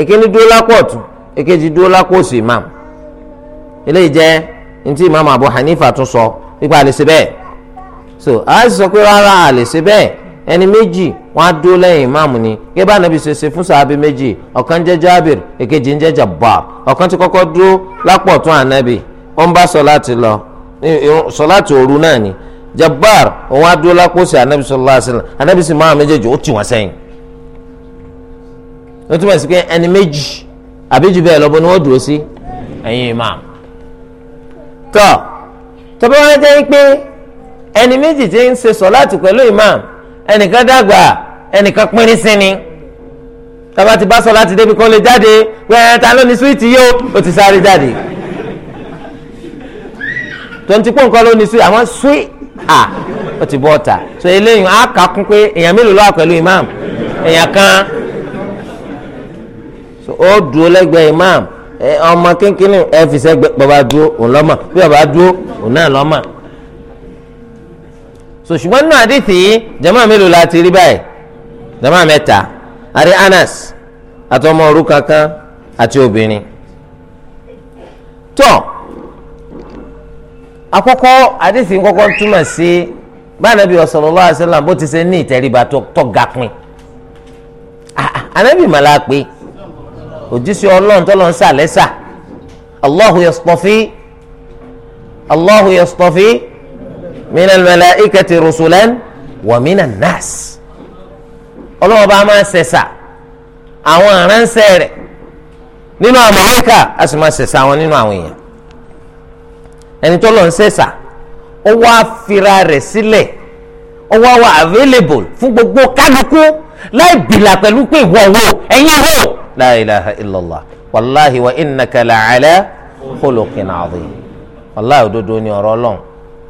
èkíní dúró lápò ọ̀tún èkejì dúró lápò imam eléyìí jẹ́ ntí imam abu hanifa tún sọ wípé a lè ṣe bẹ́ẹ̀ so a sì sọ pé rárá a lè ṣe bẹ́ẹ̀ ẹni méjì wọ́n á dúró lẹ́yìn imam ni gẹ́gẹ́ nàbí ṣe ṣe fún sàábì méjì ọ̀kan jẹ́ jabir èkejì ń jẹ́ jabbar ọ̀kan ti kọ́kọ́ dúró lápò ọ̀tún ànábì ó ń bá sọ̀láàtì lọ sọ̀láàtì òru náà ni Jabbar òun adúlọ lápòsí anabi sallallahu alaihi wasallam anabi sì máa méjèèjì ó tì wọ́n sẹ́yìn ló túmọ̀ sí pé ẹni méjì àbí jù bẹ́ẹ̀ lọ́bọ ni wọ́n dúró sí ẹ̀yìn imam tọ́ tọ́ba wọn jẹ́ pé ẹni méjì ti ń ṣe sọ̀láàtì pẹ̀lú imam ẹnìkan dàgbà ẹnìkan pínrín sí ni tọ́ba ti bá sọ̀láàtì débi kan lè jáde pé ta ló ní súwìtì yóò ó ti sáré jáde tó ń ti pọ̀ nǹkan ló ní súwìtì àwọn súwìtì à ó ti bọ́ ọ̀tà so eléyìí á kà kún pé èèyàn mélòó lọ́wọ́ pẹ̀lú imam èèyàn kan so ó dúró lẹ́gbẹ̀ẹ́ imam ọmọ kínkínní ẹ fi sẹ́gbẹ́ bàbá dúró òun lọ́mọ bí bàbá dúró òun náà lọ́mọ so ṣùgbọ́n nínú àdìsí jama mélòó la ti rí báyìí jama mẹ́ta àti anas àtọmọ òrukàn kan àti obìnrin tó. So, àkọ́kọ́ àdìsí kọ́kọ́ túmọ̀ sí báyìí bí sallallahu alaihi wasallam bó ti ṣe ní ìtẹríba tó ga pin ah, ah, ànábì màlá pé òjíṣẹ́ ọlọ́run tó lọ ń sà lẹ́sà Allahu yastafi Allahu yastafi minal malaikati rusulan wa minan nas ọlọ́run bá máa ṣẹ̀ṣà àwọn aránṣẹ́ rẹ̀ nínú àwọn màláíkà a sì máa ṣẹ̀ṣà wọn nínú àwọn èèyàn ẹni tó lọ ń sẹ̀sà ó wá fira rẹ̀ sílẹ̀ ó wá wá available fún gbogbo kálukú láì bìlà pẹ̀lú pé ìwọ wo ẹ̀yin wo. la ilaha illallah wàláhi wa innaka la'ala khuluqin azim wàláhi òdodo ni ọ̀rọ̀ ọlọ́run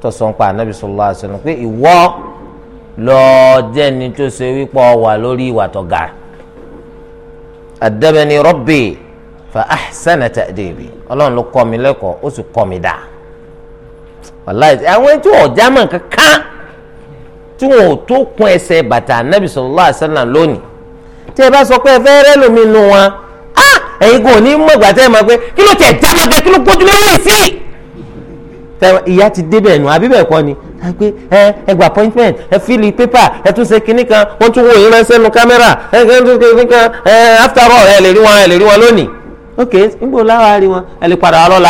tó sọ ń pa anabi sallallahu alaihi wasallam pé ìwọ lọ́ọ́ jẹ́ni tó ṣe wípé wà lórí ìwà tó ga adabani rabbi fa ahsana ta'dibi ọlọ́run ló kọ́ mi lẹ́kọ̀ọ́ ó sì kọ́ mi dáa. wàláì àwọn tí wọn kankan tí wọn ò tó kún ẹsẹ̀ bàtà anabi sallallahu alaihi lónìí tí ẹ bá sọ pé ẹ fẹ́ rẹ́ lómi wọn á ẹ̀yin kò ní mọ̀ tẹ́ ẹ máa pé kí ló tẹ̀ jámọ́ kí ló gbójú lé ni ẹ gba appointment ẹ ẹ tún ṣe kinní kan wọ́n tún wo kámẹ́rà ẹ tún kinní kan after all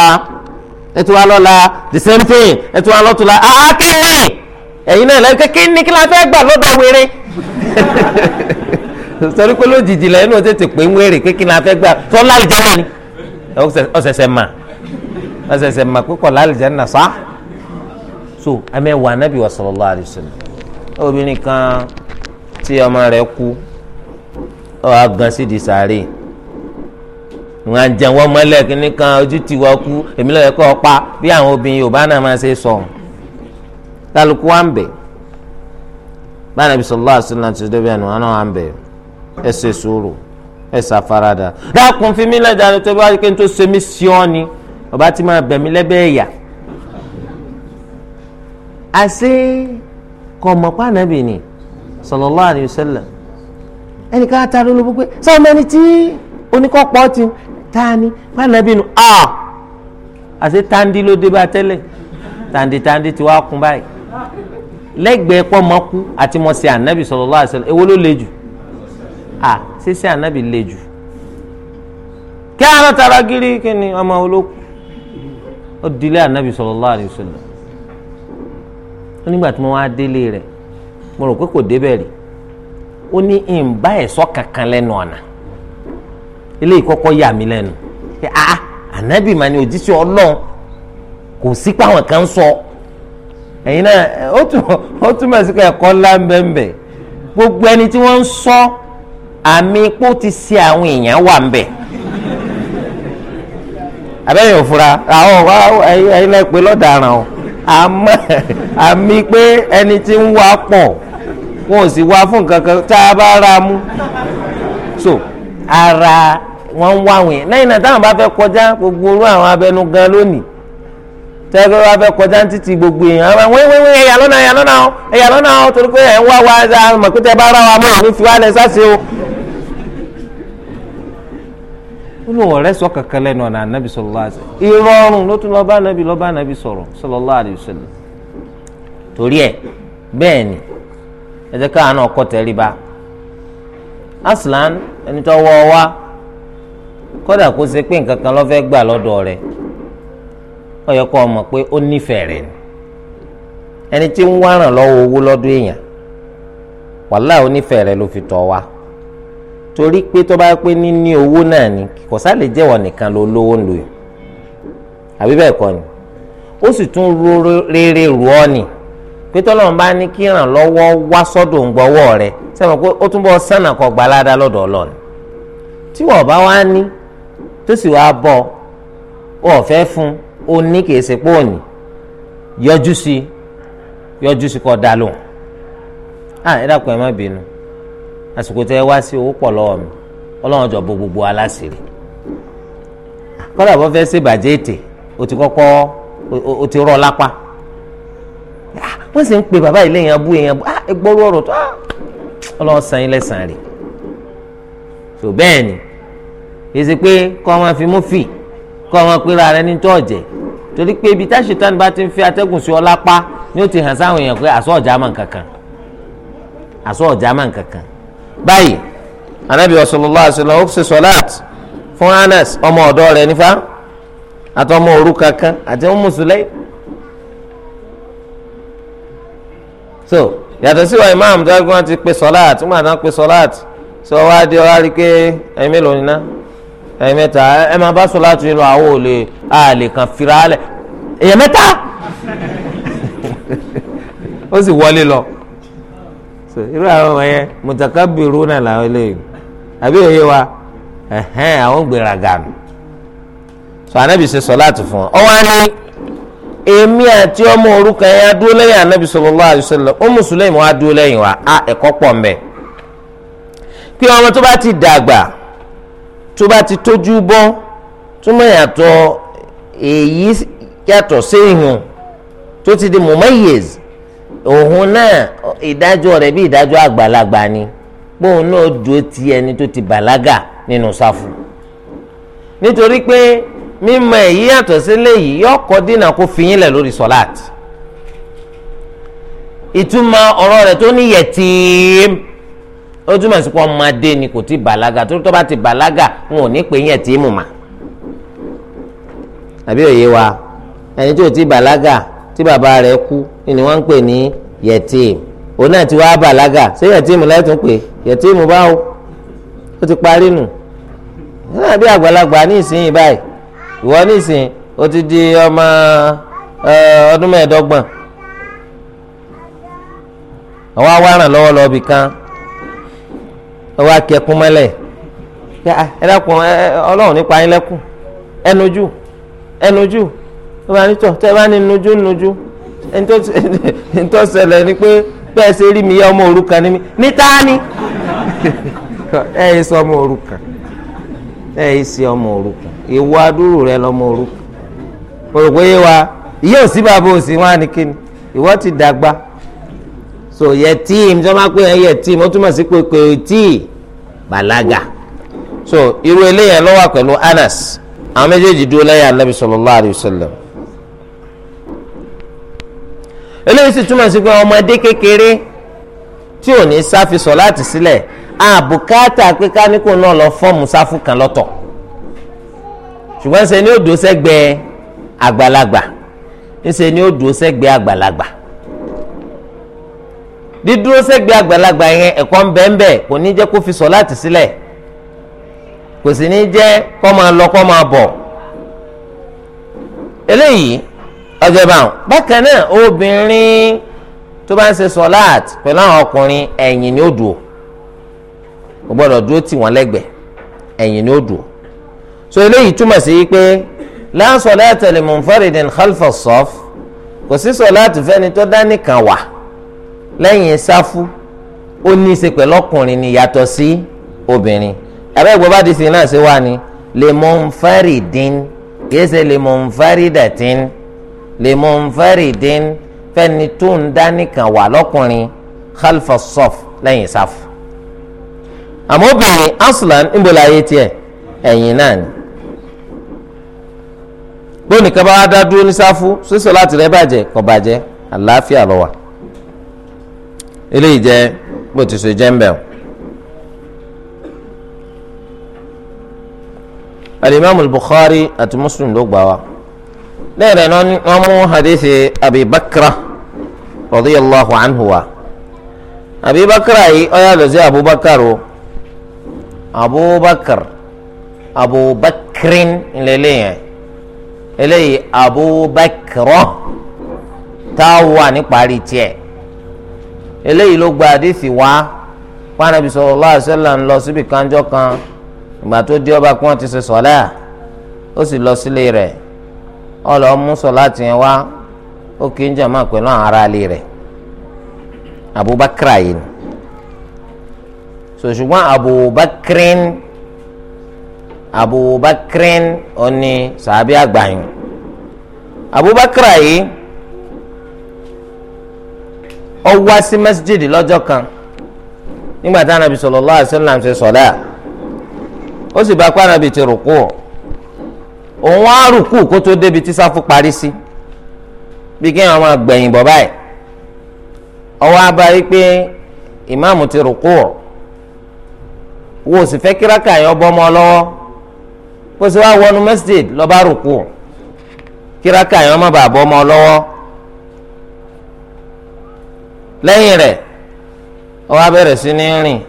ẹtù wa lọ́la the same thing ẹtù wa lọ́tùla àákẹ́yìn ah, ẹ̀yin náà lẹ́yìn kékeré ní kí la fẹ́ gbà lọ́dọ̀ wéré sọrí pé lójijì lẹ́yìn náà tètè pé ń wéré kékeré la fẹ́ gbà tó lálìjánà ni ọ̀sẹ̀sẹ̀ mà ọ̀sẹ̀sẹ̀ mà pípọ̀ lálìjánà sá so amẹ́wàá anábì wa sallallahu alaihi wasallam obìnrin kan tí ọmọ rẹ̀ kú ọ̀ àgàn sí di sàárè wọn à ń jẹun wọn mọ́lẹ̀ kínní kan ojú ti wọ́n kú èmi lọ́yẹ̀ kọ́ ọ pa bí àwọn obìnrin yorùbá náà máa ṣe sọ kálukú wa ń bẹ̀ báyìí nàbí sọlá àṣìlá ti dẹ́bẹ̀ ẹnu wọn náà wà ń bẹ̀ ẹ ṣe sùúrù ẹ dákun fi mí lẹ́jà ni tó bá kí n tó ṣe mí sí ọ́ ni ọba ti máa bẹ̀ mí lẹ́bẹ̀ ẹ̀yà àṣé kọ̀ mọ̀ pàànàbì ni sallallahu alaihi wasallam ẹnìkan ata ló ló gbogbo sọ ma ẹni tí oníkọ́pọ̀ ti tani fanabi nu a àti tandi ló dé bá tẹ́lẹ̀ tandi tandi ti wá kún báyìí lẹ́gbẹ̀ẹ́ pọ̀ mọ́kú àti mọ̀ sí ànábì sallallahu alaihi wasallam èwo ló le jù a sísẹ ànábì le jù kí àwọn tara gírí kí ni ọmọ olókù ó dilé ànábì sallallahu alaihi wasallam ó nígbà tí mo wá délé rẹ̀ mo rò pé kò débẹ̀ rí ó ní ìǹbá ẹ̀sọ́ kankan lẹ́nu ọ̀nà ilé ìkọ́kọ́ yà mí lẹ́nu pé ah, ah ànábì mà ni òjíṣẹ́ ọlọ́run kò sí páwọn kan sọ ẹ̀yin náà ó túmọ̀ sí pé ẹ̀kọ́ ńlá gbogbo ẹni tí wọ́n sọ àmì ipò ti ṣe àwọn èèyàn wà ń ẹ̀yin náà pé o àmì pé ẹni tí ń wọn ò sì wá fún so ara wọ́n wá wìn lẹ́yìn náà táwọn bá fẹ́ kọjá gbogbo orú àwọn abẹnú gan lónìí tẹ́gbẹ́ wa fẹ́ kọjá títí gbogbo èèyàn àwọn wín ọ ọ torí pé ẹ̀ ń wá wa ẹ̀dá mọ̀kútẹ́ bá ara wa mọ̀ ní fi wá lẹ sáṣẹ o. ọ̀rẹ́ sọ kankan lẹ́nu ọ̀nà ìrọ̀rùn ló tún sọ̀rọ̀ torí ẹ̀ bẹ́ẹ̀ ni ẹ jẹ́ tẹ́ríba aslan ẹni tó wọ́ kódà kó se pé nǹkan kan ló gbà lọ́dọ̀ rẹ̀ ó kọ́ kó pé ó nífẹ̀ẹ́ rẹ̀ ni ẹni tí ń wá lọ́wọ́ owó lọ́dún èèyàn wàhálà nífẹ̀ẹ́ rẹ̀ ló fi tọ̀ wá torí pé tó bá pé níní owó náà ni kò sá jẹ́wọ́ nìkan ló lówó ń lò yìí àbí bẹ́ẹ̀ kọ́ ni ó sì tún rere rù ọ́ ni pé tọ́lọ́run bá ní kí ràn lọ́wọ́ wá sọ́dọ̀ ń gbọ́wọ́ rẹ̀ sẹ́wọ̀n pé ó túnbọ̀ sànà kọ́ gbalada lọ́dọ̀ ọlọ́run tí wọ́n bá wá ní tó sì wá bọ̀ ọ fẹ́ fún ó ní kìí ṣe pé òní yọjú sí yọjú sí kọ́ da lóhùn à ẹ dàpọ̀ ẹ má bínú àsìkò tẹ ẹ wá sí owó pọ̀ lọ́wọ́ mi ọlọ́run jọ bo gbogbo aláṣìírí kọ́dà bọ́ fẹ́ ṣe bàjẹ́ ètè o ti kọ́kọ́ o ti rọ lápá wọ́n sì ń pe bàbá ilé yẹn abú yẹn abú ah ẹgbọ́rú ọ̀rọ̀ tó ah ọlọ́run san yín lẹ́sàn-án rẹ̀ so bẹ́ẹ̀ ni èsì pé kọ́ wọn fi mú fì kọ́ wọn pera rẹ ní tọ́ọ̀jẹ̀ torí pé ibi tá ṣètọ́ni bá ti ń fi atẹ́gùn sí ọ lápá ni ó ti hàn sáwọn èèyàn pé àsọ ọ̀já mọ̀ nǹkankan àsọ ọ̀já mọ̀ nǹkankan báyìí anabi sallallahu alaihi wasallam ó ṣe sọláàt fún anas ọmọ ọ̀dọ́ rẹ̀ nífà àtọmọ òrukàn kan àti Ummu Sulaym so yàtọ̀ sí wa imam tó wá gbé wọn ti pe sọláàt wọn àti wọn pe sọláàt sọ wá di ọ rí i pé ẹ̀mí lónìí náà. e mẹ́ta ẹ máa bá sọ láti inú àwọn a fira lẹ èèyàn mẹ́ta ó sì wọlé lọ irú àwọn ọmọ yẹn mùtàkàbìrú náà làwọn eléyìí àbí òye wa àwọn gbèrà sọ anabi ṣe sọ láti fún ọ wá ní èmi àti ọmọ òrukàn yẹn adúró anabi sallallahu alaihi wasallam ó mùsùlùmí wọn adúró lẹ́yìn wa a ẹ̀kọ́ mbẹ pé ọmọ tó bá ti dàgbà. tó bá ti tójú bọ́ túmọ̀ yàtọ̀ èyí yàtọ̀ séhùn tó ti di mumayyiz òun náà ìdájọ́ rẹ̀ bí ìdájọ́ àgbàlagbà ni bóun náà dúró ti ẹni tó ti bàlágà nínú sáfù nítorí pé mímọ èyí yàtọ̀ sílé yìí yọkọ̀ dínà kó fi yín lẹ̀ lórí sọ́láàtì ìtumọ̀ ọ̀rọ̀ rẹ̀ tó ní yẹtìm ó túmọ̀ sí pé ọmọdé ni kò ti bàlágà tó tó bá ti bàlágà wọn ò ní pè yẹn tí mù mà àbí òye wa ẹni tí ò ti bàlágà tí bàbá rẹ̀ kú ni wọ́n ń pè ní yẹtìm òun náà ti wá bàlágà ṣé yẹtìm lẹ́tùn pé yẹtìm báwo ó ti parí nù náà bí àgbàlagbà ní ìsinyìí báyìí ìwọ ní ìsìn ó ti di ọmọ ọdún mẹ́ẹ̀ẹ́dọ́gbọ̀n àwọn awárànlọ́wọ́ lọ́ọ́ bì kan ọwọ́ akẹ́kùn mọ́lẹ̀ ah, ẹ dákun ọlọ́run nípa yín lẹ́kùn ẹnujú ẹnujú ẹ bá ní tọ̀ tẹ́ ẹ bá ní nujú nujú ntọ́ ṣẹlẹ̀ ni pé bẹ́ẹ̀ ṣe rí mi yá ọmọ òrukàn ni mi ní tání ẹ yìí sọ ọmọ òrukàn ẹ yìí sọ ọmọ òrukàn ìwọ adúrú rẹ lọmọ òrukàn òrùkọ yé wa ìyá òsínbàbò òsín wọn kíni ìwọ ti dàgbà so yẹtíìm tí wọ́n bá pè é yẹtíìm ó túmọ̀ sí pé pé tí bàlágà so irú eléyàn ló wà pẹ̀lú Anas àwọn méjèèjì dúró lẹ́yìn anabi sallallahu alayhi wa sallam eléyìí sì túmọ̀ sí pé ọmọdé kékeré tí ò ní sáfi sọ̀láàtì sílẹ̀ àbùkátà pé káníkù náà lọ fọ́ọ̀mù sáfù kan lọ́tọ̀ ṣùgbọ́n ṣe ni ó dúró sẹ́gbẹ̀ẹ́ àgbàlagbà ńṣe ni ó dúró sẹ́gbẹ̀ẹ́ àgbàlagbà dídúró sẹ́gbẹ̀ẹ́ àgbàlagbà yẹn ẹ̀kọ́ ń bẹ́ẹ̀ bẹ́ẹ̀ kò ní jẹ́ kó fi sọ̀láàtì sílẹ̀ kò sì ní jẹ́ kó máa lọ kó máa bọ̀ eléyìí ọjọ́ ìbáwọn bákan náà obìnrin tó bá ń ṣe sọ̀láàtì pẹ̀lú àwọn ọkùnrin ẹ̀yìn ni ó dùn ó gbọ́dọ̀ dúró tì wọ́n lẹ́gbẹ̀ẹ́ ẹ̀yìn ni ó dùn so eléyìí túmọ̀ sí pé la salata li munfaridin khalfa as-saf kò sí sọ̀láàtì fẹ́ni tó dá nìkan wà lẹ́yìn sáfù ó ní í ṣe pẹ̀lú ọkùnrin ni yàtọ̀ sí obìnrin abẹ́ ìgbọ́ bá di sí náà ṣe wà ní lemonfaridin kìí ṣe lemonfaridatin lemonfaridin fẹ́ni tó ń dánìkan wà lọ́kùnrin khalfa saf lẹ́yìn sáfù àmọ́ obìnrin aslan ńbọ̀lá ayé tiẹ̀ ẹ̀yìn náà ni bóun nìkan bá wá dá dúró ní sáfù sísọ láti rẹ bàjẹ́ kò bàjẹ́ àlàáfíà ló eléyìí jẹ́ bó ti so jẹ́ńbẹ̀ o. alimami bukhari àti muslim ló gbà wá lẹ́yìn náà wọ́n mú hadithi abibakra radiyallahu anhu wa abibakra yìí ó yàtọ̀ sí abubakar o abubakar abubakrin lélẹ́yìn eléyìí abubakra táwa ní tiẹ̀ eléyìí ló gba àdìsí wá pàànàbí sallallahu alaihi wasallam ń lọ síbi kanjọ́ kan ìgbà tó di ọba kí wọ́n ti ṣe sọ̀lá ó sì lọ sílé rẹ̀ ó lọ mú sọ̀lá tiẹ̀ wá ó kì í jàmá pẹ̀lú àwọn ará ilé rẹ̀ Abubakar yìí ni so ṣùgbọ́n Abubakarin sàbí àgbáyìn Abubakar yìí. Ọ wá sí masjid lọ́jọ́ kan nígbà tí anabi sallallahu lọ́wọ́ wasallam ṣe sọlá ó sì bá pa anabi ti rùkú òun á rùkú kó tó débi tí sáfù parí sí bí kéèyàn máa gbẹ̀yìn bọ̀ báyìí ọwọ́ abá yìí pé ìmáàmù ti rùkú wo sì fẹ́ kíráka yẹn bọ́ ọmọ lọ́wọ́ kó sì wá wọnú masjid lọ́ba rùkú kíráka yẹn má bàa bọ́ ọmọ lọ́wọ́. lẹ́yìn rẹ̀ ó wá bẹ̀rẹ̀ sí ní rìn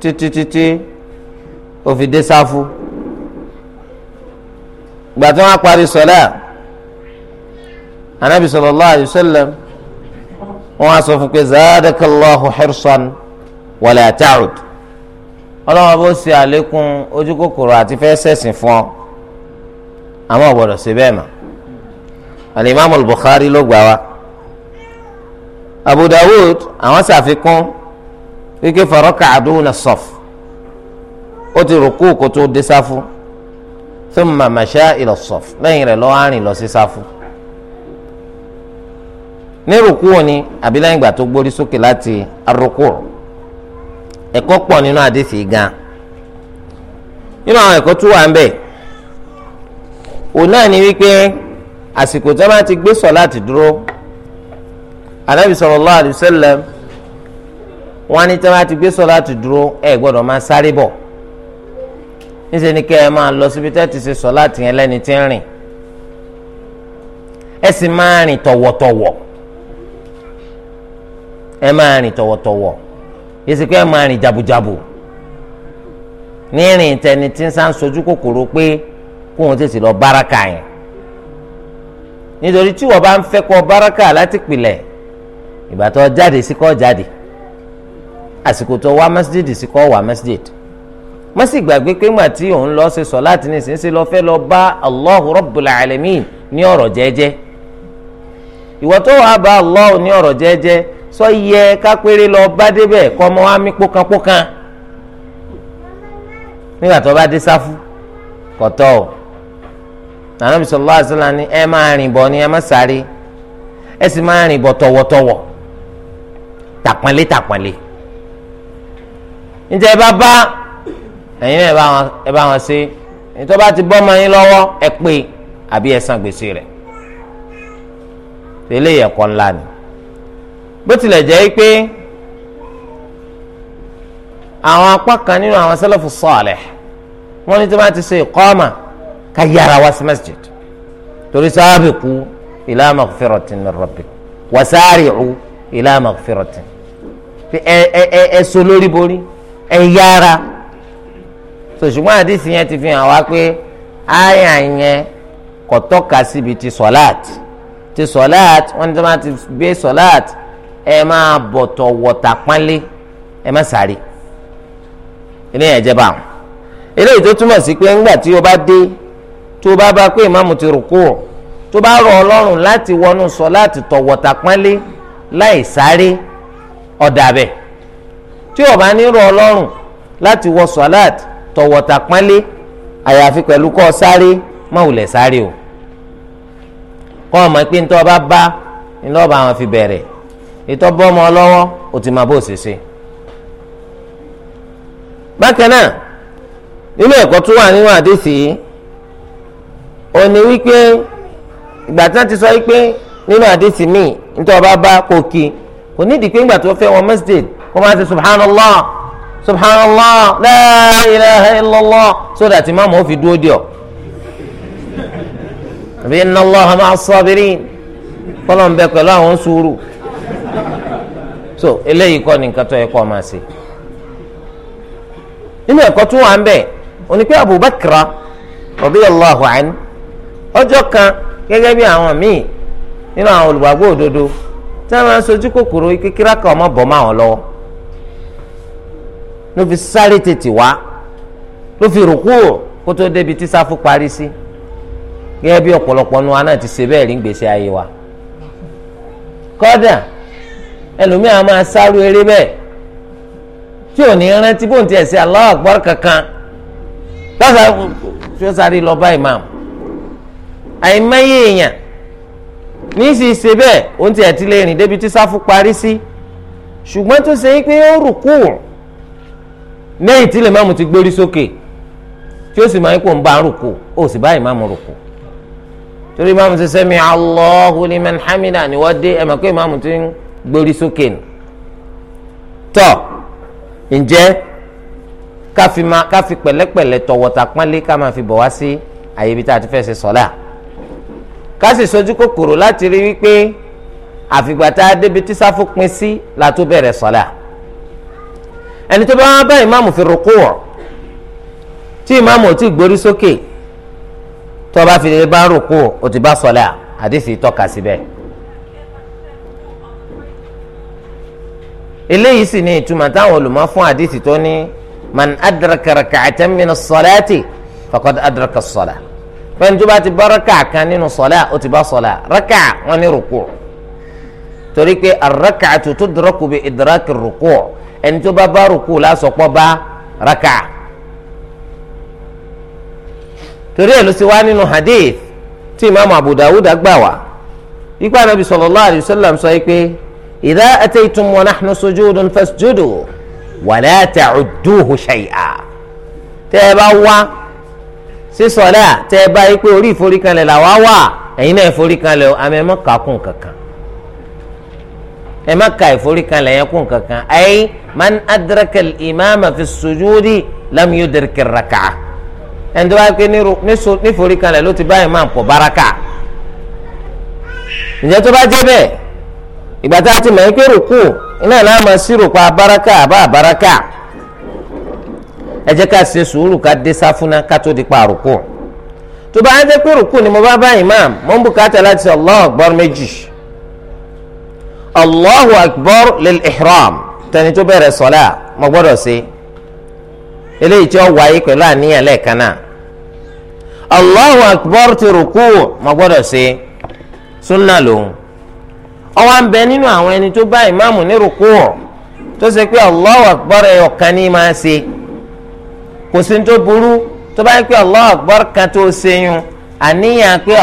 títí títí ó fi dé sáfù gbà tí wọ́n parí sọ́lá anabi sallallahu alayhi wa sallam wọ́n á sọ fún pé zaadakallahu hirsan wala ta'ud ọlọ́wọ́n bó ṣe àlékún ojú kòkòrò àti fẹ́ sẹ̀sìn fún ọ àmọ́ ọ̀gbọ́dọ̀ ṣe bẹ́ẹ̀ mọ́ alimami al ló gbà wá. Abu Dawud àwọn ṣàfikún wíkẹ́ faraka adúna sọf ó ti rò kú kó tó dé sáfù thumma masha ila sọf lẹ́yìn rẹ̀ lọ́wọ́ àrìn lọ sí sáfù ní rùkú òní àbí lẹ́yìn ìgbà tó gbórí sókè láti arúkú ẹ̀kọ́ pọ̀ nínú àdéhìí gan nínú àwọn ẹ̀kọ́ tó wà ń bẹ̀ òun náà ni wípé àsìkò tí wọ́n bá ti gbé sọ láti dúró anabi sallallahu alayhi wa sallam wọ́n ní tí ti gbé sọláàtì dúró ẹ gbọ́dọ̀ máa sáré bọ̀ níṣẹ́ ni kẹ́ ẹ máa lọ síbi tẹ́ ti ṣe sọláàtì yẹn lẹ́ni tí ń rìn ẹ sì máa rìn tọ̀wọ̀tọ̀wọ̀ ẹ máa rìn tọ̀wọ̀tọ̀wọ̀ yìí sì pé ẹ máa rìn jàbùjàbù ní rìn tẹni tí ń sá ń sojú kòkòrò pé kó wọn tètè lọ báraka yẹn nítorí tí wọ́n bá ń fẹ́ kọ báraka láti pìlẹ̀ ìgbà tó jáde sí kọ́ jáde àsìkò tó wá masjid sí kọ́ wá masjid má sì gbàgbé pé ńgbà tí òun lọ ṣe sọ láti ní ìsinsìn lọ fẹ́ lọ bá Allahu Rabbul Alamin ní ọ̀rọ̀ jẹ́jẹ́ ìwọ tó wàá bá Allah ní ọ̀rọ̀ jẹ́jẹ́ sọ yẹ kápẹ́rẹ́ lọ bá débẹ̀ kọ́ ọmọ wa mí pókanpókan nígbà tó bá dé sáfù kọ̀tọ́ o Ànábì sallallahu alaihi wasallam ni ẹ máa rìn bọ̀ ni ẹ má sáré ẹ sì máa rìn bọ̀ tọ̀wọ̀tọ̀wọ̀ tàpọ́nlé tàpọ́nlé níta ẹ bá bá ẹ̀yin náà ẹ bá wọn ṣe níta bá ti bọ́ ọmọ yín lọ́wọ́ ẹ pé àbí ẹ san gbèsè rẹ̀ tẹ́lẹ̀ ẹ̀kọ́ ńlá ni bó tilẹ̀ jẹ́ pé àwọn apá kan nínú àwọn sẹ́lẹ̀fù sọ̀ọ̀lẹ̀ wọ́n ní tí wọ́n ti ṣe ìkọ́ọ̀mà ká yára wá sí masjid torí sábẹ̀ kú ila magfiratin min rabbikum wa sari'u ila magfiratin ẹ ẹ ẹ so lórí borí ẹ yára sòṣùgbọ́n àdìsí yẹn ti fi hàn wá pé àyà yẹn kò tọ́ka síbi ti sọ̀láàt ti sọ̀láàt wọ́n ti máa ti gbé sọ̀láàt ẹ máa bọ̀ tọ̀wọ̀tà pánlé ẹ má sáré ilé yẹn jẹ́ báwọn eléyìí tó túmọ̀ sí pé ńgbà tí o bá dé tó bá bá pé ìmáàmù ti rùkú ọ̀ tó bá rọ̀ ọlọ́run láti wọnú sọ̀láàt tọ̀wọ̀tà pánlé láì sáré ọ̀dà bẹ̀ tí o bá nírọ̀ ọlọ́run láti wọ sọ́láàt tọ̀wọ̀tà pánlé àyàfi pẹ̀lú kọ́ sáré máwùlẹ̀ sáré o kọ́ ọmọ pé nítorí ọba bá nílò ọba àwọn fi bẹ̀rẹ̀ ìtọ́ bọ́ ọmọ lọ́wọ́ o ti máa bó ṣèṣe. bákan náà nínú ẹ̀kọ́ tó wà nínú àdéhìí yìí ó ní wípé ìgbà tí wọ́n ti sọ wípé nínú àdéhìí míì nítorí ọba bá kò kí i kò ní ìdí pé ńgbà tó fẹ́ wọn masjid kó máa ṣe subhanallah subhanallah la ilaha illallah so that imam ó fi dúró dì ọ́ àbí inna Allaha ma'as sabirin kọ́lọ̀ ń bẹ pẹ̀lú àwọn sùúrù so eléyìí kọ́ ni nǹkan tó yẹ kọ́ máa ṣe nínú ẹ̀kọ́ tún wà ń bẹ̀ òní pé Abubakar radiyallahu anhu ọjọ́ kan gẹ́gẹ́ bí àwọn míì nínú àwọn olùgbàgbọ́ òdodo tí wọ́n máa ń sojú kòkòrò ike kíráka ọmọ bọ̀ máa wọn lọ́wọ́ ló fi sáré tètè wá ló fi rùkú kó tó débi tí sáfù parí sí gẹ́gẹ́ bí ọ̀pọ̀lọpọ̀ nu wa náà ti ṣe bẹ́ẹ̀ rí gbèsè ayé wa kọ́dà ẹlòmíà máa sáré eré bẹ́ẹ̀ tí ò ní rántí bóun ti ẹ̀ sí Allahu Akbar kankan tí ó sáré lọ bá imam àìmọye èèyàn ní í sì ṣe bẹ́ẹ̀ òun ti ẹ̀tí lè rìn débi tí sáfù parí sí ṣùgbọ́n tó ṣe pé ó rùkú lẹ́yìn tí lè máàmù ti gbórí sókè tí ó sì máa ń pò ń bá rùkú ó sì bá ìmáàmù rùkú torí ìmáàmù ti sẹ́mi Allahu liman hamida ni wọ́n dé ẹ̀mọ̀ pé ìmáàmù ti ń gbórí sókè nù tọ́ ǹjẹ́ káfi pẹ̀lẹ́pẹ̀lẹ́ tọwọ́ta pọ́nlé ká máa fi bọ̀ wá sí àyè ibi tá a ti fẹ́ ṣe sọ́lá ká sì sojú kòkòrò láti rí wípé àfìgbà tá a débi tí sáfù pin sí la tó bẹ̀rẹ̀ sọ́lá ẹni tó bá wá bá ìmáàmù fi rúkú wọ̀ tí ìmáàmù ò tí ì gbórí sókè tó bá fi bá rúkú ò ti bá sọ́lá àdìsí tọ́ka síbẹ̀. eléyìí sì ni ìtumọ̀ táwọn olùmọ̀ fún àdìsí tó ní man adraka raka'atan min as-salati faqad adraka wọn tó bá ti bá raka kan nínú sọlá ó ti bá sọlá raka wọn ní ruku torí pé araka tó tó dọrọkù bí ìdọrọkì ruku ẹni tó bá bá ruku lásọpọ bá raka torí ẹ ló ti wá nínú hadith tí imaamu abu dawud gbà wá ikú anabi sallallahu alayhi wa sallam sọ yìí pé idha ataytum wa nahnu sujudun fasjudu wa la ta'udduhu shay'a tẹ́ ẹ bá wá sísọ̀lá tẹ́ ẹ bá yí pé orí ìforíkanlẹ̀ làwa wà ẹ̀yin náà ìforíkanlẹ̀ o àmì ẹ̀ má kà á kún kankan ẹ̀ má ka ìforíkanlẹ̀ yẹn kún kankan ayé man adrakal imaama fi sujudi lam yudrikir raka'a ẹni tó bá pé níforíkanlẹ̀ ló ti bá imam pọ̀ baraka ǹjẹ́ tó bá jẹ́ bẹ́ẹ̀ ìgbà tá a ti mọ̀ ẹ́ pé rúkú iná ìlànà sí rúkú abaraka àbá abaraka ẹ jẹ́ ká ṣe sùúrù ká dé sáfúná ká tó di pa àrùkù tó bá jẹ́ pé rùkù ni mo bá bá imam mo ń bùkátà láti ṣe Allahu akbar méjì Allahu akbar lil ihram tẹni tó bẹ̀rẹ̀ sọ́lá mo gbọ́dọ̀ ṣe eléyìí tí ó wáyé pẹ̀lú àníyàn lẹ́ẹ̀kan náà Allahu akbar ti rùkù mo gbọ́dọ̀ ṣe súnà lòun ọwọ́ ń bẹ nínú àwọn ẹni tó bá imam ní rùkù tó ṣe pé Allahu akbar ẹ̀yọ̀kan ní máa ṣe. kwụsị sí tó burú tó bá pé Allahu Akbar kan tó ṣeyún àníyàn pé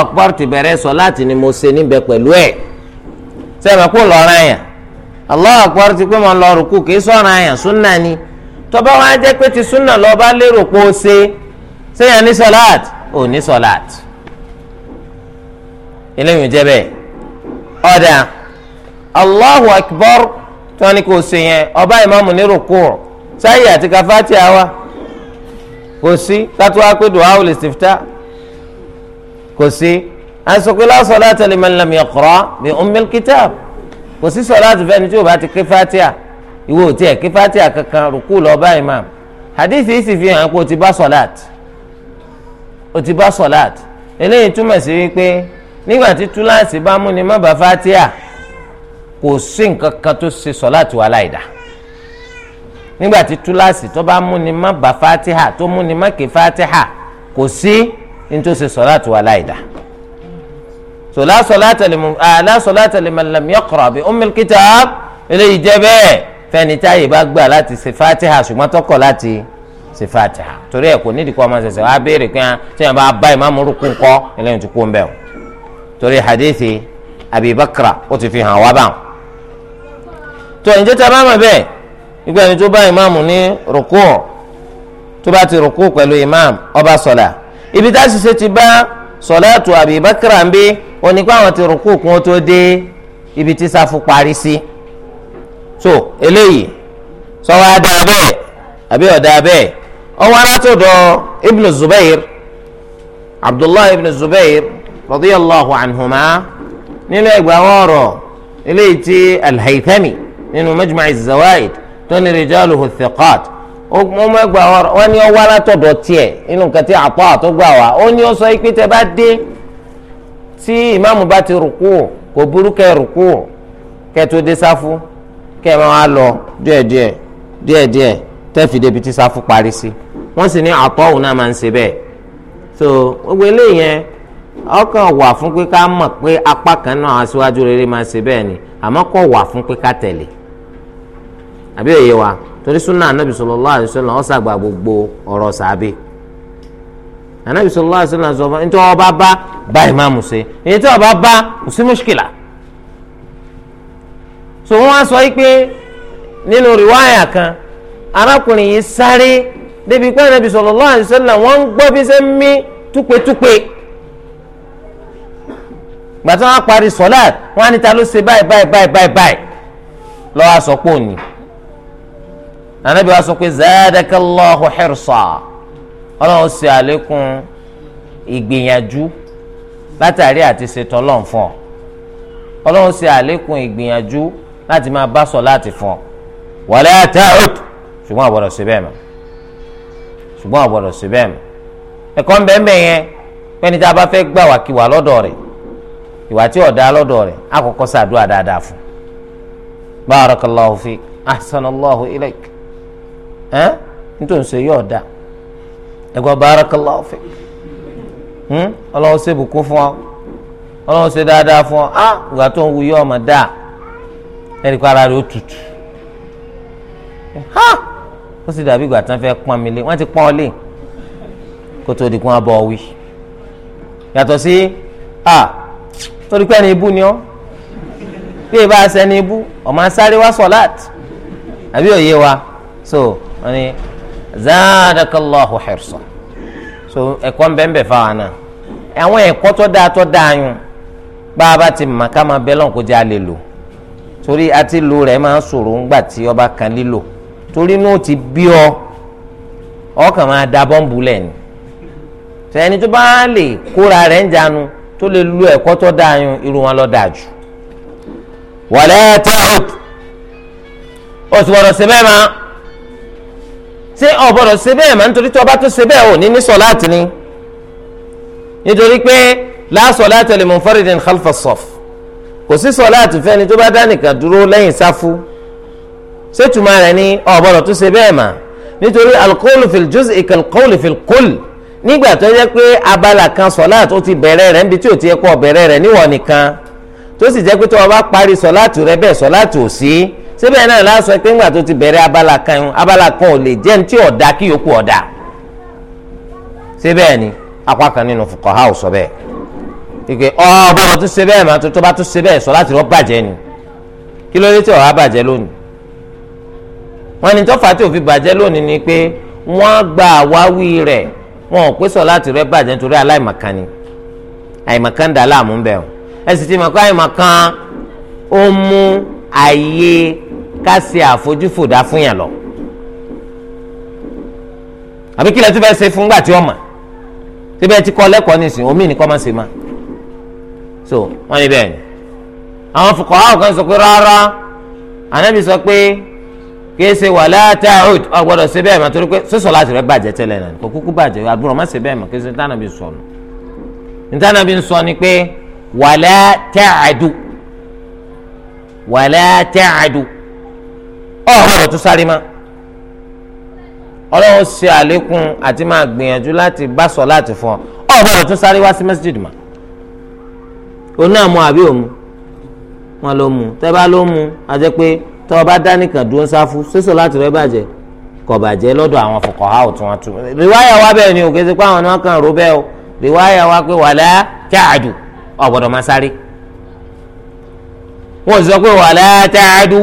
Akbar ti bẹ̀rẹ̀ sọ̀láàtì ni mo se níbẹ̀ pẹ̀lú ẹ̀ sẹ́mi kó lọ́ra yàn Allahu Akbar ti pé mo lọ rùkú kì í sọ̀ra yàn súnà ni jẹ́ pé ti súnà lọ bá lérò pé ó sẹ́yìn ní ò ní eléyìí jẹ́ bẹ́ẹ̀ ọ̀dà Akbar ní kò yẹn ọba ìmáàmù ní rùkú sáyé àti kò sí kátó wá pé du'a ul istiftah kò sí asopẹ la salata liman lam yaqra bi ummil kitab kò sí sọláàtì fẹ́ni tí o bá ti ké fatia ìwọ ò tiẹ̀ ké fatia kankan rúkú lọ bá imam hadithi yìí sì fi hàn pé o ti bá sọláàtì o ti bá sọláàtì eléyìí túmọ̀ sí wípé nígbà tí túláàsì bá mú má bá fatia kò sí nǹkan kan tó ṣe sọláàtì wa láìdáa nígbà tí túláàsì tó bá múni má bà fatiha tó múni má ké fatiha kò sí nítòsí sọláàtù wà láìda so la salata liman la salata liman lam yaqra bi ummil kitab eléyìí jẹ́ bẹ́ẹ̀ fẹ́ni táyè bá gbà láti ṣe fatiha ṣùgbọ́n tọkọ̀ láti ṣe fatiha torí ẹ̀ kò nídìí kó ọmọ ṣẹ̀ṣẹ̀ wá béèrè pé ṣé yẹn bá bá ìmáàmù rúkú ńkọ́ eléyìí ti kú ń o torí hadithi Abi ó ti fi hàn wá báwọn. tó ǹjẹ́ tá a bá mọ̀ bẹ́ẹ̀ ìgbà ẹni tó bá ìmáàmù ní rúkú ọ̀ tó bá ti rúkú pẹ̀lú ìmáàmù ọba sọ̀là ibi tá a ṣiṣẹ́ ti bá sọ̀láàtù àbí bákàrà ń bí onípa àwọn ti rúkú kún tó dé ibi tí sáfù parí sí. so eléyìí sọ̀wọ́ adá bẹ́ẹ̀ àbí ọ̀dá bẹ́ẹ̀ ọwọ́ alátọ̀dọ̀ ibn zubair abdullahi ibn zubair radiyallahu anhuma nílẹ̀ ìgbà wọ́ọ̀rọ̀ eléyìí ti alhaithami nínú majma'i zawaid tẹ́lẹ̀ rijaluhu thiqat ọmọ ẹgbà wọn ni ó wá látọ̀dọ̀ tiẹ̀ nínú nǹkan tí tó gbà wá ó ní ọsọ ikpe tẹ bá dé tí ìmáàmù bá ti rùkú kò burú kẹ́ rùkú kẹ́ dé sáfù máa lọ díẹ̀díẹ̀ díẹ̀díẹ̀ tẹ́ débi tí sáfù parí sí sì ní òun náà máa ń so gbogbo ọkàn wà fún pé ká pé apá kan náà aṣíwájú rere máa ṣe ni wà fún àbí òye wa torí súnà anabi sallallahu alaihi wasallam gbogbo ọ̀rọ̀ anabi sallallahu alaihi sọ fún ẹni tí bá bá bá ìmáàmù ẹni bá bá sí so wọn sọ yìí pé nínú rìwáyà kan arákùnrin yìí sáré débi pé anabi ń gbọ́ bí ṣe ń mí túpetúpe gbàtí wọn parí sọlá wọn á ní ta ló ṣe báyìí báyìí báyìí anabi wa sọ pé zadakallahu hirsa ọlọ́run ṣe àlékún ìgbìyànjú látàrí àti ṣètò ọlọ́run fún ọ ọlọ́run ṣe àlékún ìgbìyànjú láti máa bá sọ láti fún ọ wala ta'ud ṣùgbọ́n àbọ̀dọ̀ ṣe bẹ́ẹ̀ mọ́ ṣùgbọ́n àbọ̀dọ̀ ṣe bẹ́ẹ̀ mọ́ ẹ̀kọ́ ń bẹ́ẹ̀ bẹ́ẹ̀ yẹn pẹ́ni tá a bá fẹ́ gbà wá kíwà lọ́dọ̀ rẹ̀ ìwà tí ọ̀dà lọ́dọ̀ rẹ̀ àkọ́kọ́ ṣàdúrà dáadáa fún barakallahu fik ahsanallahu ilaik ẹ nítorí ṣe yóò dá ẹgbẹ́ barakallahu fi hmm? fún ọ ọlọ́wọ́ ṣe dáadáa fún ọ á ìgbà wu yóò mọ̀ dáa ẹnì kan ara rẹ̀ ó tutù ha O si dàbí ìgbà tán fẹ́ mi lé wọ́n ti pọ́n di ọ a torí pé ni ọ bí ìbá ṣẹni ibú wa sọ láti àbí òye wa so. wọ́n zaadakallahu hirsa so ẹ̀kọ́ ń àwọn ẹ̀kọ́ tó dáa tó dáa yun ti ká máa bẹ jẹ́ lò torí àti lò rẹ̀ máa ń ńgbà tí ọba torí inú ti bí ọ ọkàn máa da bọ́ǹbù lẹ́nu tẹ̀yẹ́ni tó bá lè kóra rẹ̀ ń tó lè lu ẹ̀kọ́ tó dáa yun irú wọn lọ dáa jù ó ṣé ọ̀bọ̀dọ̀ ṣe bẹ́ẹ̀ mà nítorí tí ọba tó ṣe bẹ́ẹ̀ ò ní ní sọ̀láàtì ni nítorí pé la salata li munfaridin khalfa saf kò sí sọ̀láàtì fẹ́ni tó bá dá nìkan dúró lẹ́yìn sáfù ṣètùmọ̀ rẹ̀ ni ọ̀bọ̀dọ̀ tó ṣe bẹ́ẹ̀ mà nítorí alqawlu fil juz'i kalqawli fil kull nígbà tó jẹ́ pé abala kan sọ̀láàtì ó ti bẹ̀rẹ̀ rẹ̀ níbi tí ò síbẹ̀ náà lásán pé ńgbà tó ti bẹ̀rẹ̀ abala kan abala kan ò lè jẹ́ ní tí ọ̀dà kí yòókù ọ̀dà síbẹ̀ ni apá kan nínú fuqaha ò sọ bẹ́ẹ̀ ike ọ̀bọ̀ tó ṣe bẹ́ẹ̀ mà tó bá tó ṣe bẹ́ẹ̀ sọ láti lọ bàjẹ́ ni kí ló dé tí ọ̀rá bàjẹ́ lónìí wọn ni tọ́fà tí òfin bàjẹ́ lónìí ni pé wọ́n gba àwáwí rẹ̀ wọn ò pé sọ láti rẹ bàjẹ́ nítorí aláìmọ̀kan ni àìmọ̀kan dà láàmú bẹ́ẹ̀ ẹ sì ti mọ̀ pé àìmọ̀kan ó mú àyè ká ṣe àfojúfòdà fún yàn lọ àbí kílẹ̀ tó bẹ́ẹ̀ ṣe fún gbà tí ọmọ tí bẹ́ẹ̀ ti kọ́ lẹ́kọ̀ọ́ nísìnyí omi nìkan máa ṣe máa so wọ́n ní bẹ́ẹ̀ ni àwọn fuqaha kan sọ pé rárá ànábì sọ pé kìí ṣe wala ta'ud ọgbọ́dọ̀ ṣe bẹ́ẹ̀ mọ́ torí pé sọ́sọ́ láti rẹ̀ bàjẹ́ tẹ́lẹ̀ náà kò kúkú bàjẹ́ àbúrò má ṣe bẹ́ẹ̀ mọ́ kìí ṣe tánàbí sọ nù nítànàbí sọ ni pé wala ta'adu wala ta'adu ọ̀hún ọ̀tún sáré má ọlọ́run ṣe àlékún àti máa gbìyànjú láti bá sọ láti fún ọ ọ̀hún ọ̀tún sáré wá sí masjid mà òun náà mú àbí òun wọn ló mú tẹ́ bá ló mú àti pé tọ́ ọ bá dánìkan dúró sáfù sísọ láti rẹ bàjẹ́ kò bàjẹ́ lọ́dọ̀ àwọn fòkànhá òtún wọn tún rìwáyà wa bẹ́ẹ̀ ni òkè ti pé àwọn náà kàn ró bẹ́ẹ̀ o rìwáyà wa pé wàlá táàdù ọ̀gbọ̀dọ̀ máa sáré wọn sọ pé wàlá táàdù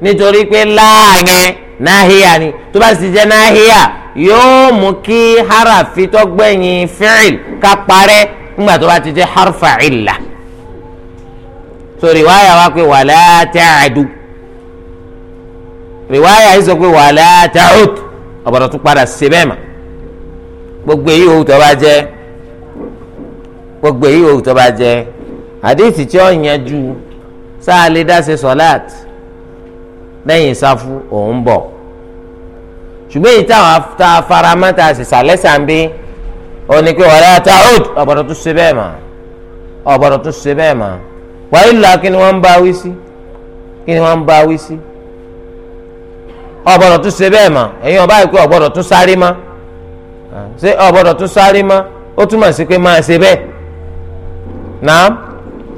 nítorí pé ni tó bá sì jẹ́ náhíyà yóò mú kí harafi tó gbẹ̀yìn fi'il ká parẹ́ nígbà tó bá ti jẹ́ harfa so rìwáyà wa pé wàlá ta'du riwaya yìí sọ pé wàlá ta'ud ọ̀bọ̀dọ̀ tún padà sí bẹ́ẹ̀ ma gbogbo èyí òwú tó bá gbogbo èyí òwú tó bá jẹ́ àdéhìí tí ó sáà lẹ́yìn sáfù òun bọ̀ ṣùgbọ́n èyí táwọn tá a sì sàlẹ̀ sàǹbí ó pé wàlẹ́ ata old ọ̀gbọ́dọ̀ tún ṣe bẹ́ẹ̀ mà ọ̀gbọ́dọ̀ tún ṣe bẹ́ẹ̀ mà wàyí là kí ni wọ́n ń bá wí sí kí ni wọ́n ń bá wí sí ọ̀gbọ́dọ̀ tún ṣe bẹ́ẹ̀ mà ẹ̀yin ọba ìpè tún sáré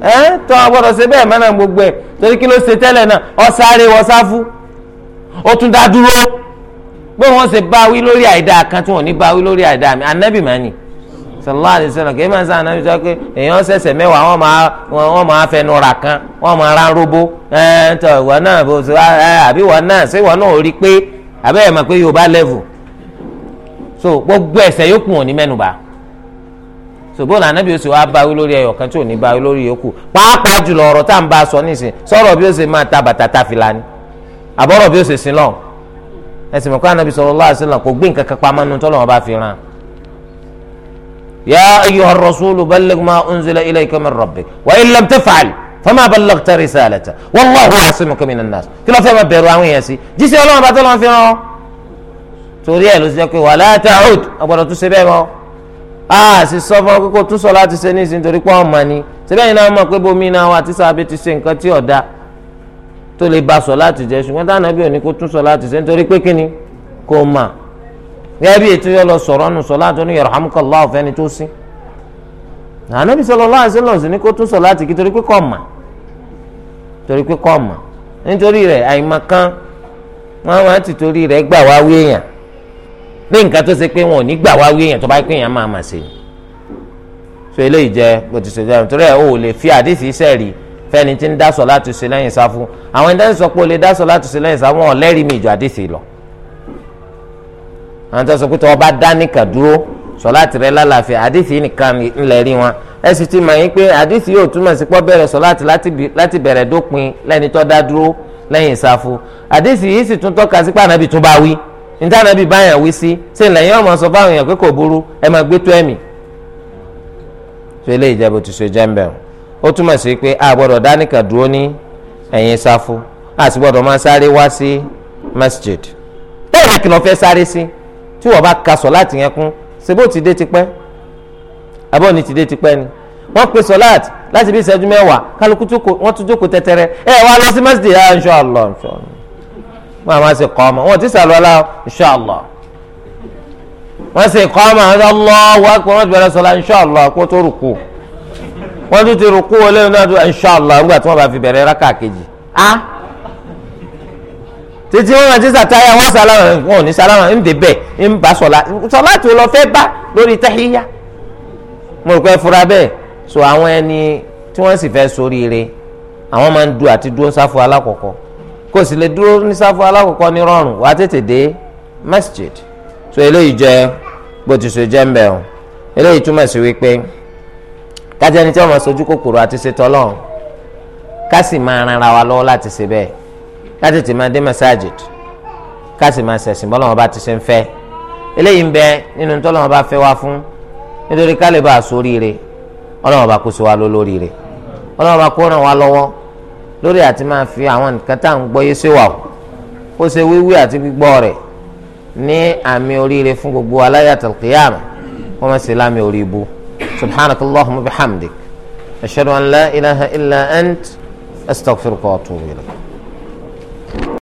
ẹ tó agbọ́dọ̀ ṣe bẹ́ẹ̀ mẹ́nà gbogbo ẹ̀ torí kí ló ṣe tẹ́lẹ̀ náà ó sáré O ó tún dá dúró pé wọ́n ṣe báwí lórí àìdá kan tí wọ́n ní báwí lórí àìdá mi ànábì máa ní sallallahu alayhi kì í sá sọ pé èèyàn ṣẹ̀ṣẹ̀ mẹ́wàá wọ́n máa wọ́n máa fẹnu ra kan wọ́n robo ẹ àbí ìwọ náà ṣé ìwọ náà sòbóòlù ànábì ó sì wá báwí lórí ẹyọ kan tí ò ní báwí lórí yòókù pàápàá jùlọ ọ̀rọ̀ tá à ń bá a sọ nísìn sọ̀rọ̀ bí ó ṣe máa ta bàtà ta fìlà ni àbọ̀rọ̀ bí ó ṣe sin lọ ẹsìn mọ̀kọ́ ànábì sallallahu alaihi wasallam kò gbé nǹkan kan pamọ́ nu tọ́lọ́wọ́n bá fi ràn. ya ayyuhar rasulu balligh ma máa bẹ̀rù a sì sọ fún ọ tún sọ láti ṣe ní ìsìn torí pé ọmọ ni síbẹ̀ yìí náà mọ̀ pé bomi náà wà tí ti ṣe nǹkan tí ọ̀dà tó lè ba sọ láti jẹ ṣùgbọ́n táwọn ànábì òní kó tún sọ láti ṣe nítorí pé kíni kò yọ lọ sọ̀rọ̀ nù sọ láti tó sí kó tún sọ láti kí torí pé mà torí pé mà nítorí ní nǹkan tó ṣe pé wọn ò ní gbà wá wí èèyàn tó bá pé èèyàn máa mà sí i so eléyìí jẹ bó ti ṣe jẹ torí ẹ ò lè fi àdìsí iṣẹ́ rí fẹ́ni tí ń dá sọ láti ṣe lẹ́yìn sáfù àwọn ẹni tẹ́sí sọ pé o lè dá sọ láti ṣe lẹ́yìn sáfù wọn lẹ́rìí mi ìjọ àdìsí lọ àwọn tẹ́sí sọ pé tí wọ́n bá dá nìkan dúró sọ láti rẹ lálàáfíà àdìsí nìkan ńlẹ̀ rí wọn ẹ sì ti mọ̀ yín pé àdìsí yóò túmọ̀ sí pọ́ bẹ̀rẹ̀ sọ láti bẹ̀rẹ̀ dópin lẹ́ni tó dá dúró lẹ́yìn sáfù àdìsí yìí sì tún tọ́ka sí pé ànábì bá wí níta nàbí báyà wí sí ṣé lẹ́yìn ọmọ sọ fáwọn èèyàn pé kò burú ẹ máa gbé tó ẹ̀mí. fẹlẹ ìjẹ́bù ti ṣe jẹ́ńbẹ̀ ó túmọ̀ sí pé a gbọ́dọ̀ dáníkà dúró ní ẹ̀yìn sáfù a sì gbọ́dọ̀ máa sáré wá sí masjid. bẹ́ẹ̀ kí lọ fẹ́ sáré sí tí wọ́n bá ka sọ láti yẹn kún ṣe bó ti dé tipẹ́ abọ́ ni ti dé tipẹ́ ni wọ́n pe sọ́láàtì láti bí ìṣẹ́jú mẹ́wàá kálukú wọ́n tún jókòó tẹ́tẹ́rẹ́ ẹ wá lọ sí masjid ah, inshallah inshallah wọn àwọn ṣe kọ́ ọmọ wọn ti sàlọ́lá inṣàlá wọn ṣe kọ́ ọmọ àwọn ọlọ́wọ́ akpọ̀ wọn ti bẹ̀rẹ̀ sọlá inṣàlá kó tó rùkú wọn tún ti rùkú olóyún náà tó inṣàlá nígbà tí wọn bá fi bẹ̀rẹ̀ rákà kejì á títí wọn ti sàtáyà wọn sàlámà wọn ò ní sàlámà ń dè bẹ́ẹ̀ ń bá sọlá sọlá tó lọ fẹ́ bá lórí tẹ́híyá mo rò pé fura bẹ́ẹ̀ so àwọn ẹni tí wọ́n sì fẹ́ sóríire àwọn máa ń du àti dúró sáfù alákọ̀ọ́kọ́ kò sì lè dúró ní sáfù alákọ̀ọ́kọ́ ní rọrùn wàá tètè dé masjid so eléyìí jẹ́ bó ti ṣe jẹ́ ń bẹ̀ ọ́ eléyìí túmọ̀ sí wípé kájẹ́ni tí wọ́n máa sojú kòkòrò àti ṣe tọ́lọ́run ká sì máa ran ara wa lọ́wọ́ láti ṣe bẹ́ẹ̀ ká tètè máa dé masajid ká sì máa ṣẹ̀sìn bọ́lá wọn bá ti ṣe ń fẹ́ eléyìí ń bẹ nínú tọ́lá wọn bá fẹ́ wá fún nítorí ká lè bá a sóríire ọlọ́wọ́n bá kó sí wa lólóríire ọlọ́wọ́n bá kó ràn wá lọ́wọ́ lórí àti máa fi àwọn nǹkan tá à ń gbọ́ yé sí wa ó ṣe wíwí àti gbígbọ́ rẹ̀ ní àmì oríire fún gbogbo aláyàtọ̀ kìyàmù wọ́n máa ṣe lámì orí ibu subhanakallahumma bihamdik ashhadu an la ilaha illa ant astaghfiruka wa atubu ilayk.